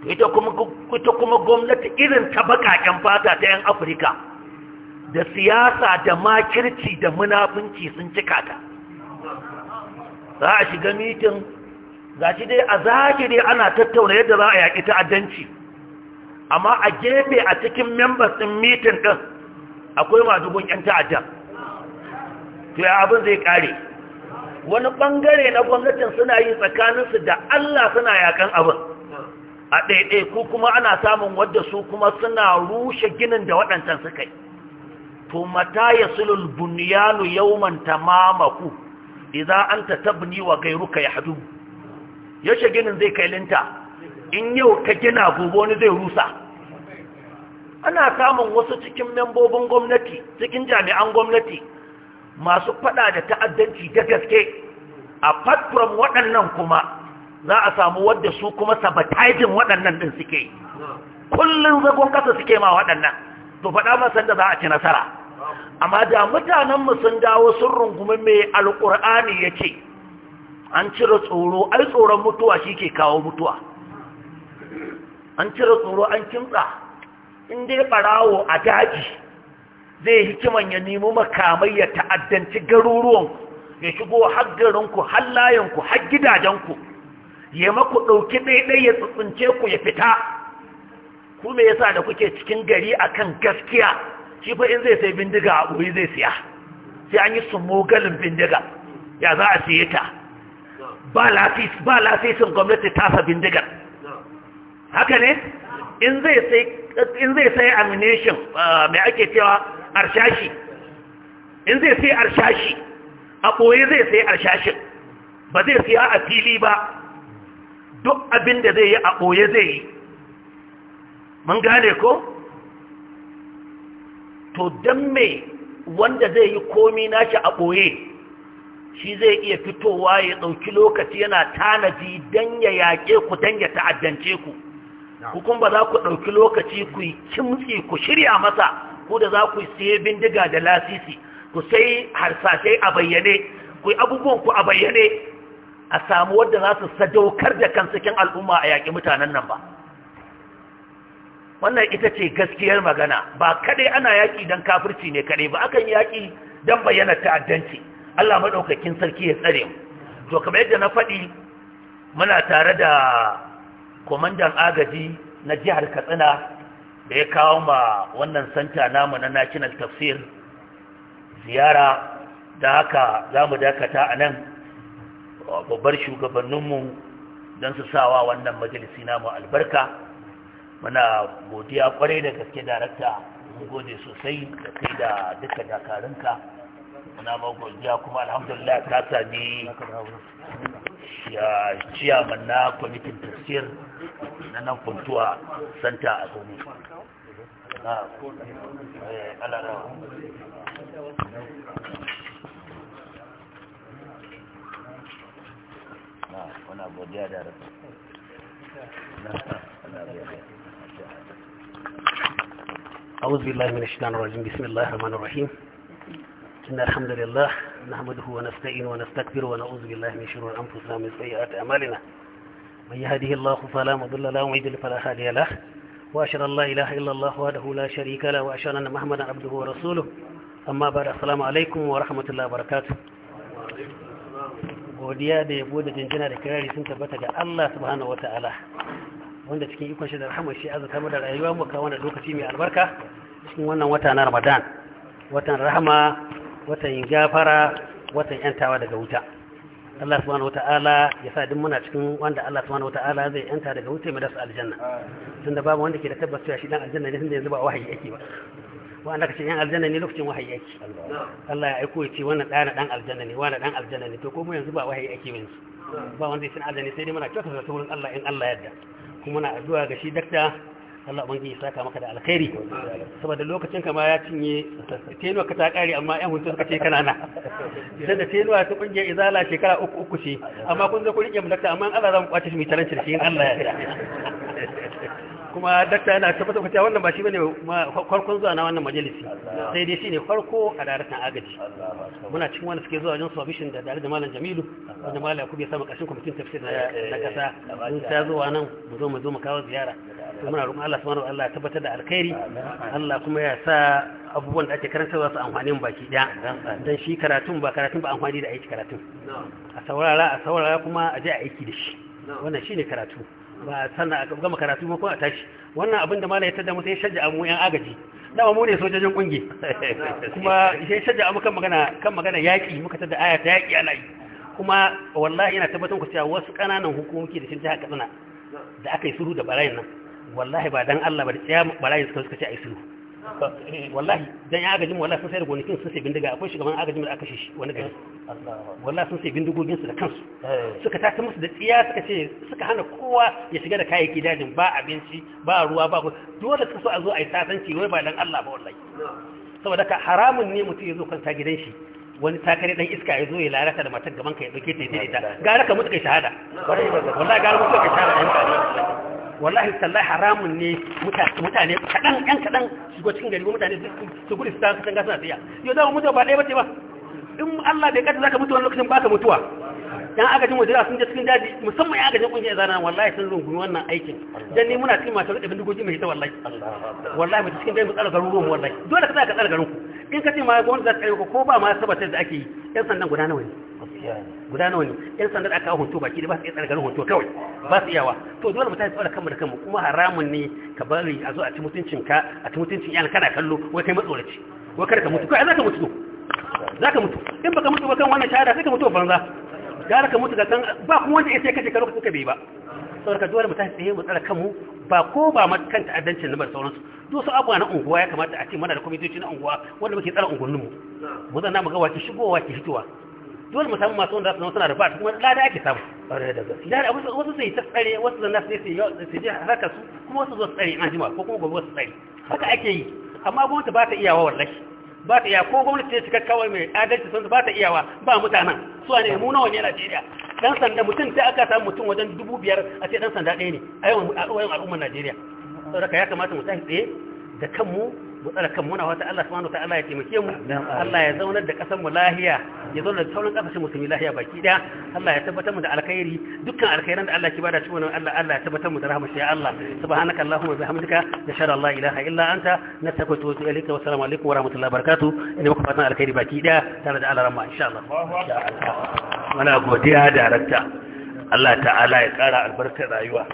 ita kuma gwamnati irin ta bakaken fata ta 'yan afirka da siyasa da makirci da munafunci sun cika ta za a shiga mitin za shi dai a zahiri ana tattauna yadda za a yaƙi ta'addanci amma a gefe a cikin members ɗin mitin ɗin akwai gun 'yan ta'adda to ya abin zai ƙare wani ɓangare na gwamnatin suna yi tsakaninsu da allah suna yakan abin a ɗaiɗai ko kuma ana samun wadda su kuma suna rushe ginin da waɗancan suka yi to mata ya sulul bunyanu yawman tamamaku idza anta tabni wa gairuka hadu. yaushe ginin zai kai linta in yau ka gina gobe wani zai rusa ana samun wasu cikin membobin gwamnati cikin jami'an gwamnati masu fada da ta'addanci da gaske a platform waɗannan kuma za a samu wadda su kuma sabatajin waɗannan ɗin suke kullum zagon ƙasa suke ma waɗannan to faɗa masan da za a ci nasara amma da mutanenmu sun dawo sun rungumi mai alƙur'ani ya ce an cire tsoro ai tsoron mutuwa shi ke kawo mutuwa an cire tsoro an kintsa in dai ɓarawo a daji zai hikiman ya nemi makamai ya ta'addanci garuruwanku ya shigo har garinku har har gidajenku ya maku ɗauki ɗaiɗai ya tsuntsunce ku ya fita ku me yasa da kuke cikin gari akan gaskiya shi fa in zai sai bindiga a ɓoye zai siya sai an yi sumogalin bindiga ya za a siye ta ba lafisin gwamnati tasa bindigar haka ne in zai sai amination mai ake cewa arshashi in zai sai arshashi a ɓoye zai sai arshashin ba zai siya a fili ba duk abin da zai yi a ɓoye zai yi mun gane ko to don me wanda zai yi komi nashi a ɓoye shi zai iya fitowa ya ɗauki lokaci yana tanadi don ya yaƙe ku don ya ta'addance ku hukun ba za ku ɗauki lokaci ku yi kimtsi ku shirya masa ku da za ku yi bindiga da lasisi ku sai harsashai a bayyane ku yi abubuwan ku a bayyane a samu wadda za su sadaukar da kan cikin al'umma a yaƙi mutanen nan ba wannan ita ce gaskiyar magana ba kaɗai ana yaƙi don kafirci ne kaɗai, ba akan yaƙi don bayyana ta'addanci Allah maɗaukakin sarki ya tsare mu to kamar yadda na faɗi muna tare da kwamandan agaji na jihar katsina da ya kawo ma wannan santa namu na national tafsir ziyara da haka za mu dakata a nan babbar shugabanninmu don su sawa wannan majalisi namu albarka muna godiya kwarai da gaske darakta mun gode sosai da kai da duka dakarunka muna ma godiya kuma alhamdulillah ka sami ciyaman na kwamitin tafsir na nan kuntuwa santa a gani na eh, na muna godiya da rasu أعوذ بالله من الشيطان الرجيم بسم الله الرحمن الرحيم إن الحمد لله نحمده ونستعين ونستكبر ونعوذ بالله من شرور أنفسنا ومن سيئات أعمالنا من يهده الله فلا مضل له ومن يضلل فلا هادي له وأشهد أن لا إله إلا الله وحده لا شريك له وأشهد أن محمدا عبده ورسوله أما بعد السلام عليكم ورحمة الله وبركاته godiya da yabo da jinjina da kirari sun tabbata ga Allah subhanahu wata'ala wanda cikin ikon shi da rahama shi azata mu da rayuwa mu kawo wannan lokaci mai albarka cikin wannan wata na Ramadan watan rahama watan gafara watan yantawa daga wuta Allah subhanahu wata'ala ya sa duk muna cikin wanda Allah subhanahu wata'ala zai yanta daga wuta mai dasa aljanna tunda babu wanda ke da tabbas shi dan aljanna ne tunda yanzu ba wahayi yake ba wanda kace yan aljanna ne lokacin wahayi yake Allah ya aiko ya ce wannan ɗana ɗan aljanna ne wannan ɗan aljanna ne to ko mu yanzu ba wahayi ake yanzu ba wanda yake san aljanna sai dai muna kyautata ta wurin Allah in Allah yarda kuma muna addu'a ga shi dakta Allah ubangiji ya saka maka da alkhairi saboda lokacin ka ma ya cinye tenuwa ka ta kare amma yan huntun suka ce kana na sai da tenuwa ta kungiyar izala shekara uku uku ce amma kun zo ku rike mu dakta amma Allah zan kwace shi mai taranci shi in Allah ya yarda kuma dakta yana tabbatar kwacewa wannan ba shi bane farkon zuwa na wannan majalisi sai dai shine farko a daraktan agaji muna cikin wani suke zuwa wajen submission da dare da malam jamilu wanda malam yakubu ya samu ƙarshen kwamitin tafsir na kasa sun ta zuwa nan mu zo mu zo mu kawo ziyara muna roƙon Allah subhanahu wa ya tabbatar da alkhairi Allah kuma ya sa abubuwan da ake karantarwa su mu baki ɗaya don shi karatun ba karatun ba amfani da aiki karatun a saurara a saurara kuma a je a aiki da shi wannan shine karatu ba sannan a gama karatu ba ko a tashi wannan abin da mala ya tada mutane shajja mu yan agaji dama mu ne sojojin kungi *laughs* kuma ya shajja abu kan magana kan magana yaki muka tada aya ta yaki ana yi kuma wallahi ina tabbatar ku cewa wasu kananan hukumoki da shin jihar Katsina da aka yi suru da barayin nan wallahi ba dan Allah ba da tsaya barayin suka suka a yi suru Eh, wallahi dan ya agajin wallahi sun sai da gonakin sun sai bindiga akwai shugaban agajin da aka shi wani gari wallahi sun sai bindigogin su da kansu eh. suka tafi musu da tsiya suka ce suka hana kowa ya shiga da kayayyaki dajin ba abinci ba ruwa ba dole suka so a zo a yi sasanci wai ba dan Allah ba wallahi saboda ka haramun ne mutum ya zo kwanta gidan shi wani takare dan iska ya zo ya lalata da matar gaban ka ya dauke ta ya daidaita gara ka mutu kai shahada wallahi gara mutu kai shahada wallahi sallai haramun ne mutane kaɗan ɗan kaɗan shigo cikin gari mutane su gudu su tafi tanga suna tsaya yau za mu mutuwa ba ɗaya ba ce ba in Allah bai kada zaka ka mutu wani lokacin ba ka mutuwa dan agajin wajira sun je cikin daji musamman ya agajin kungiyar zana wallahi sun rungumi wannan aikin dan ni muna cikin masu rubin dugoji mai ita wallahi wallahi mu cikin dai mu tsara garuruwan wallahi dole ka tsaya tsara garin in ka ce ma wani za ta tsare ko ba ma sabatar da ake yi yan sandan guda nawa ne guda nawa ne yan sandan aka hoto baki da ba su iya garin hoto kawai ba su iyawa to dole mutane su tsara kanmu da kanmu kuma haramun ne ka bari a zo a ci mutuncin ka a ci mutuncin iyalan kana kallo wai kai matsoraci wai kar ka mutu kai za ka mutu za ka mutu in baka mutu ba kan wannan shahada sai ka mutu banza gara ka mutu ga kan ba kuma wanda ya sai kace ka lokacin ka bai ba saboda dole mutane su yi mu tsara kanmu ba ko ba ma kan ta'addancin nabar sauransu duk su abuwa na unguwa ya kamata a ce mana da kwamitoci na unguwa wanda muke tsara unguwanninmu mu zan na mu ga waki shigowa ke fitowa dole mu samu masu wanda suna da ba kuma lada ake samu bare da gaske da abu wasu sai ta tsare wasu zan nasu sai su je haka su kuma wasu zo tsare an jima ko kuma gobe wasu tsare haka ake yi amma gwamnati ba ta iyawa wallahi ba ta iya ko gwamnati ce cika kawai mai adalci sun ba ta iyawa ba mutanen su ne mu nawa ne Najeriya dan sanda mutum sai aka samu mutum wajen dubu biyar a ce dan sanda ɗaya ne a yawan al'ummar Najeriya saboda ya kamata mu tashi tsaye da kanmu mu tsara kanmu na wata Allah subhanahu ta'ala ya taimake mu Allah ya zaunar da kasar mu lahiya ya zauna da sauran kasashen musulmi lahiya baki daya Allah ya tabbatar mu da alkhairi dukkan alkhairan da Allah ke bada cikin wannan Allah Allah ya tabbatar mu da rahmar ya Allah subhanaka allahumma bihamdika nashhadu an la ilaha illa anta nastaghfiruka wa atubu ilayka wa assalamu alaikum wa rahmatullahi wa barakatuh ina muku fatan alkhairi baki daya tare da Allah rahma insha Allah muna godiya da darakta Allah ta'ala ya kara albarkar rayuwa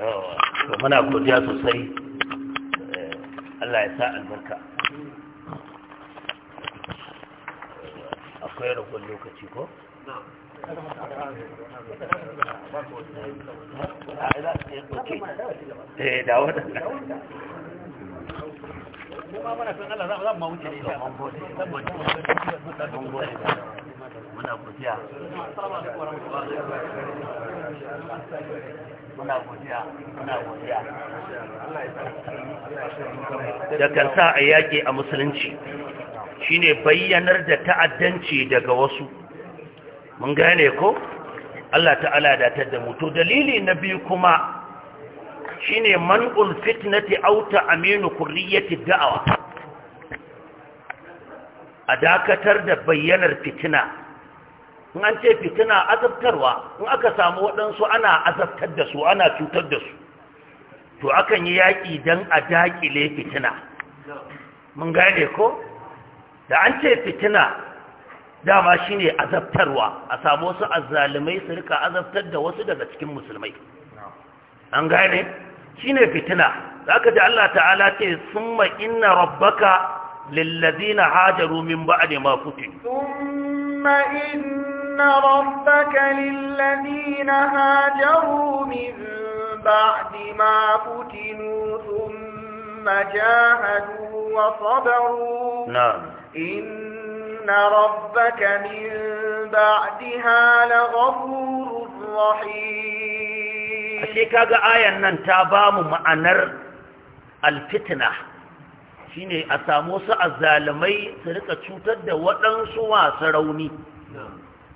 to muna godiya sosai eh, Allah ya sa albarka akwai rukun lokaci ko? eh da wadanda mu ma mana san Allah za mu wuce da muna godiya da kan sa a yaƙi a musulunci shine bayyanar da ta'addanci daga wasu mun gane ko Allah ta'ala da ta damu to dalili na biyu kuma shine man'ul fitnati auta aminu kurriyati da'awa a dakatar da bayyanar fitina in an ce fitina azabtarwa in aka samu waɗansu ana azabtar da su ana cutar da su to akan yi yaƙi don a daƙile fitina mun gane ko da an ce fitina dama shine azabtarwa a samu wasu azzalumai su rika azabtar da wasu daga cikin musulmai an gane shine fitina za ka ji Allah ta'ala ce summa inna rabbaka lillazina hajaru min ba'di ma futin إن ربك للذين هاجروا من بعد ما فتنوا ثم جاهدوا وصبروا نعم إن ربك من بعدها لغفور رحيم أشي كاقا آية ننتابام معنر الفتنة shine a samu su azzalumai su rika cutar da waɗansu masu rauni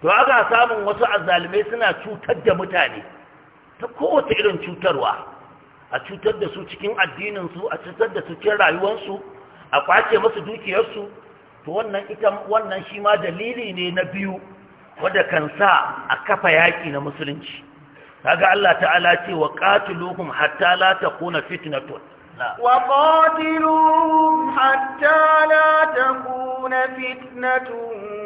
to aka samun wasu azzalumai suna cutar da mutane ta kowace irin cutarwa a cutar da su cikin addininsu a cutar da su cikin rayuwarsu a kwace masu dukiyarsu to wannan ita wannan shi ma dalili ne na biyu wanda kan sa a kafa yaki na musulunci kaga Allah ta'ala ce wa qatiluhum hatta la takuna fitnatun wa qatiluhum hatta la takuna fitnatun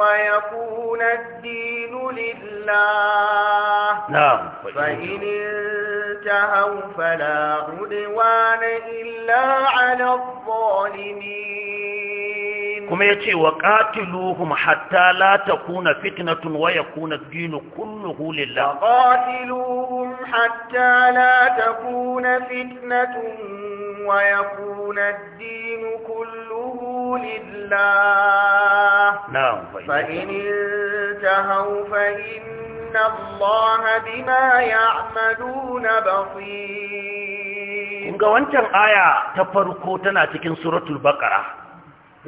ويكون الدين لله نعم فإن انتهوا فلا عدوان إلا على الظالمين كما يتي وقاتلوهم حتى لا تكون فتنة ويكون الدين كله لله وقاتلوهم حتى لا تكون فتنة ويكون الدين كله دون الله نعم فإن انتهوا فإن الله بما يعملون بصير kunga wancan aya ta farko tana cikin suratul baqara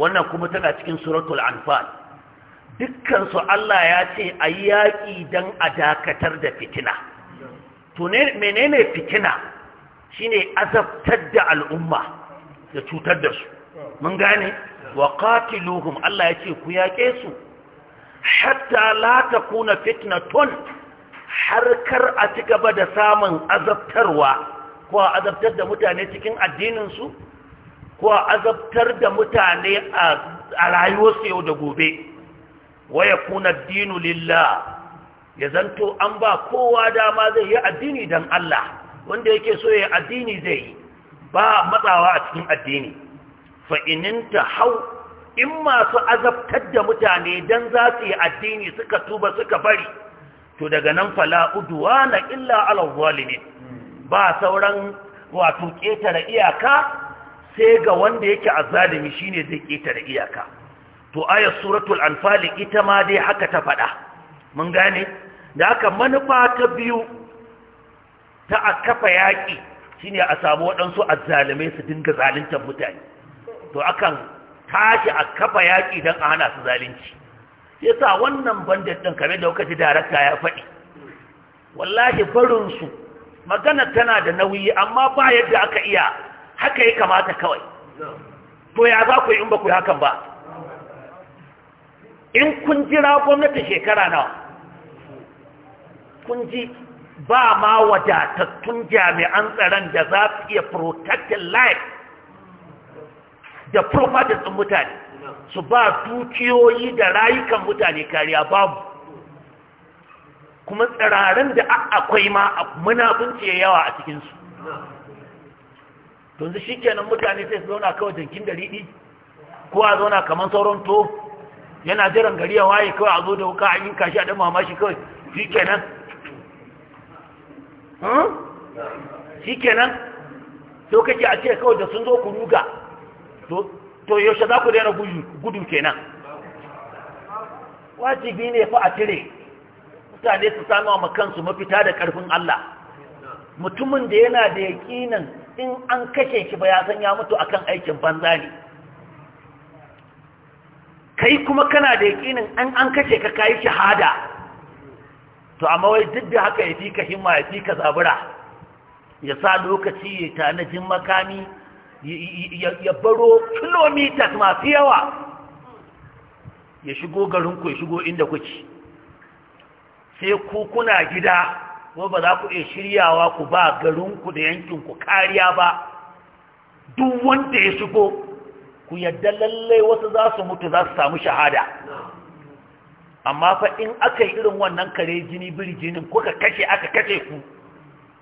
wannan kuma tana cikin suratul anfal dukkan su Allah ya ce ayi yaƙi dan a dakatar da fitina to menene fitina shine azabtar da al'umma da cutar da su mun gane wa qatiluhum Allah yace ku yaƙe su hatta la takuna fitnatun har kar a ci gaba da samun azabtarwa ko azabtar da mutane cikin addinin su ko azabtar da mutane a su yau da gobe wa yakuna ad-dinu lillah ya zanto an ba kowa dama zai yi addini dan Allah wanda yake so ya addini zai ba matsawa a cikin addini fa'ininta hau in masu azabtar da mutane don za su yi addini suka tuba suka bari to daga nan fala uduwa na illa alawwalini ba sauran wato ƙetare iyaka sai ga wanda yake azalimi shine zai ƙetare iyaka to ayat suratul anfali ita ma dai haka ta faɗa mun gane da haka manufa ta biyu ta a kafa yaƙi ne a samu waɗansu azalimai su dinga zaluntar mutane to akan tashi a kafa yaƙi don a hana su zalunci yasa wannan bandit ɗin kamar da kuka ji darakta ya faɗi wallahi barinsu magana tana da nauyi amma ba yadda aka iya haka ya kamata kawai to ya za ku yi in ba ku yi hakan ba in kun jira gwamnati shekara nawa kun ji ba ma wadatattun jami'an tsaron da za su iya protect life da property ɗin mutane su ba dukiyoyi da rayukan mutane kariya babu kuma tsirarin da akwai ma munafunci ya yawa a cikinsu tunzu shi kenan mutane sai su zauna kawai jinkin da riɗi a zauna kamar sauran to yana jiran gari ya waye kawai a zo da wuka a yi kashi a ɗan mamashi kawai shi kenan hmm? shi kenan so kake a ce kawai da sun zo ku ruga to yaushe za ku daina gudu kenan wajibi ne fa a cire mutane su sami wa kansu mafita da ƙarfin Allah mutumin da yana da yakinan in an kashe shi ba ya san ya mutu akan aikin banza ne kai kuma kana da yakinan in an kashe ka kayi shahada to amma wai duk da haka ya fi ka himma ya fi ka zabura ya sa lokaci ya tanajin makami ya baro kilomitas masu yawa ya shigo garinku ya shigo inda kuke sai ku kuna gida ko ba za ku iya shiryawa ku ba garinku da yankin ku kariya ba duk wanda ya shigo ku yadda lallai wasu za su mutu za su samu shahada amma fa in aka yi irin wannan kare jini biri jini kuka kashe aka kashe ku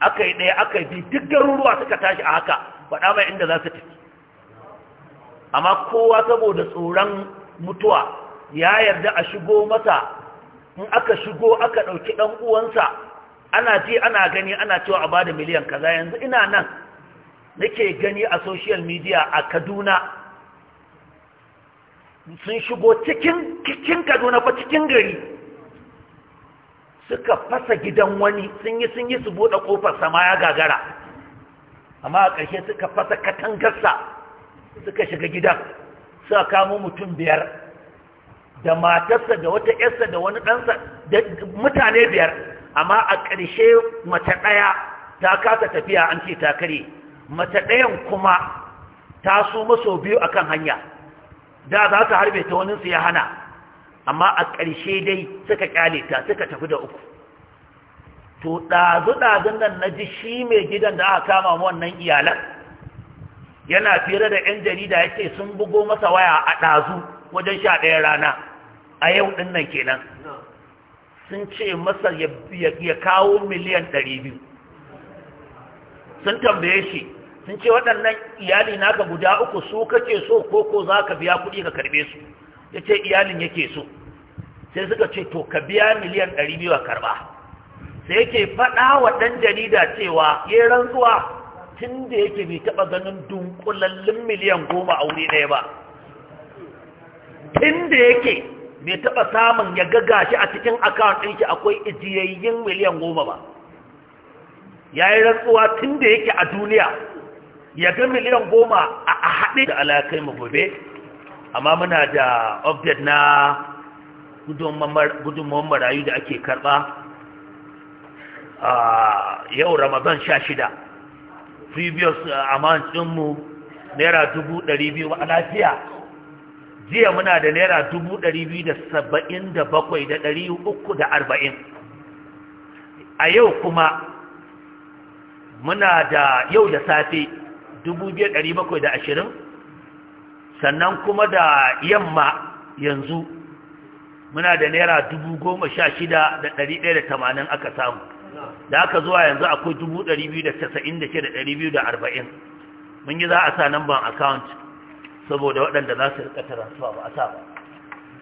aka yi ɗaya aka bi duk garuruwa suka tashi a haka faɗa mai inda za su tafi amma kowa saboda tsoron mutuwa ya yarda a shigo masa in aka shigo aka ɗauki ɗan uwansa ana ce ana gani ana cewa a bada miliyan kaza yanzu ina nan nake gani a social media a kaduna sun shigo cikin kaduna ba cikin gari suka fasa gidan wani sun yi sun yi su buɗe ƙofar sama ya gagara amma a ƙarshe suka fasa katangarsa suka shiga gidan suka kamo mutum biyar da matarsa da wata ƴarsa da wani ɗansa da mutane biyar amma a ƙarshe mace ɗaya ta kasa tafiya an ce ta kare mace ɗayan kuma ta su maso biyu a kan hanya da za ta harbe ta waninsu ya hana amma a ƙarshe dai suka ƙyale ta suka tafi da uku to ɗazu-ɗazun nan na ji shi mai gidan da aka kama wannan iyalan yana fira da 'yan jarida yake sun bugo masa waya a ɗazu wajen sha ɗaya rana a yau ɗin nan kenan sun ce masa ya kawo miliyan ɗari sun tambaye shi sun ce waɗannan iyali naka guda uku su kake so ko ko za ka biya kuɗi ka karɓe su ya ce iyalin yake so sai suka ce to ka biya miliyan ɗari biyu a karɓa da yake faɗa wa ɗan jarida cewa ya yi rantsuwa tun da yake bai taɓa ganin dunkulallin miliyan goma a wuri ɗaya ba tun da yake bai taɓa samun ya gaga shi a cikin akawun ɗinki akwai ijiyayyen miliyan goma ba ya yi rantsuwa tun da yake a duniya ya ga miliyan goma a haɗe da alakai mu gobe amma muna da update na gudunmawar marayu da ake karɓa yau ramadan sha shida previous uh, amount ɗinmu naira dubu ɗari biyu a lafiya jiya muna da naira dubu ɗari biyu da saba'in da bakwai da ɗari uku da arba'in a yau kuma muna da yau da safe dubu biyu ɗari bakwai da ashirin sannan kuma da yamma yanzu muna da naira dubu goma sha shida da ɗari ɗaya da tamanin aka samu da aka zuwa yanzu akwai dubu ɗari ɗari biyu biyu da da da arba'in. mun yi za a sa namban akawunt saboda waɗanda za su riƙa taransu ba a sa ba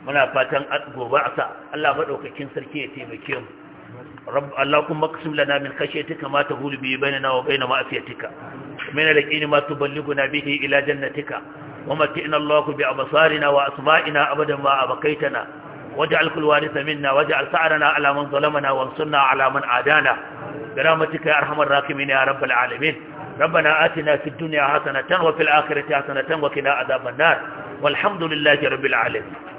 muna fatan gobe a sa Allah maɗaukakin sarki ya taimake mu Allah kuma kusur lana min kashe tuka mata hulubi bane na wa bane ma'afiyar tuka mina da ƙini masu balli guna bihi ila jannatuka wa mata ina Allah ku bi a basari na wa asuma ina abadan ma a bakaita waj'al kul warisa minna waj'al sa'rana ala man zalamana wa sunna ala man adana biramatika ya arhamar rahimin ya rabbal alamin rabbana atina fid dunya hasanatan wa fil akhirati hasanatan wa qina adhaban nar walhamdulillahi rabbil alamin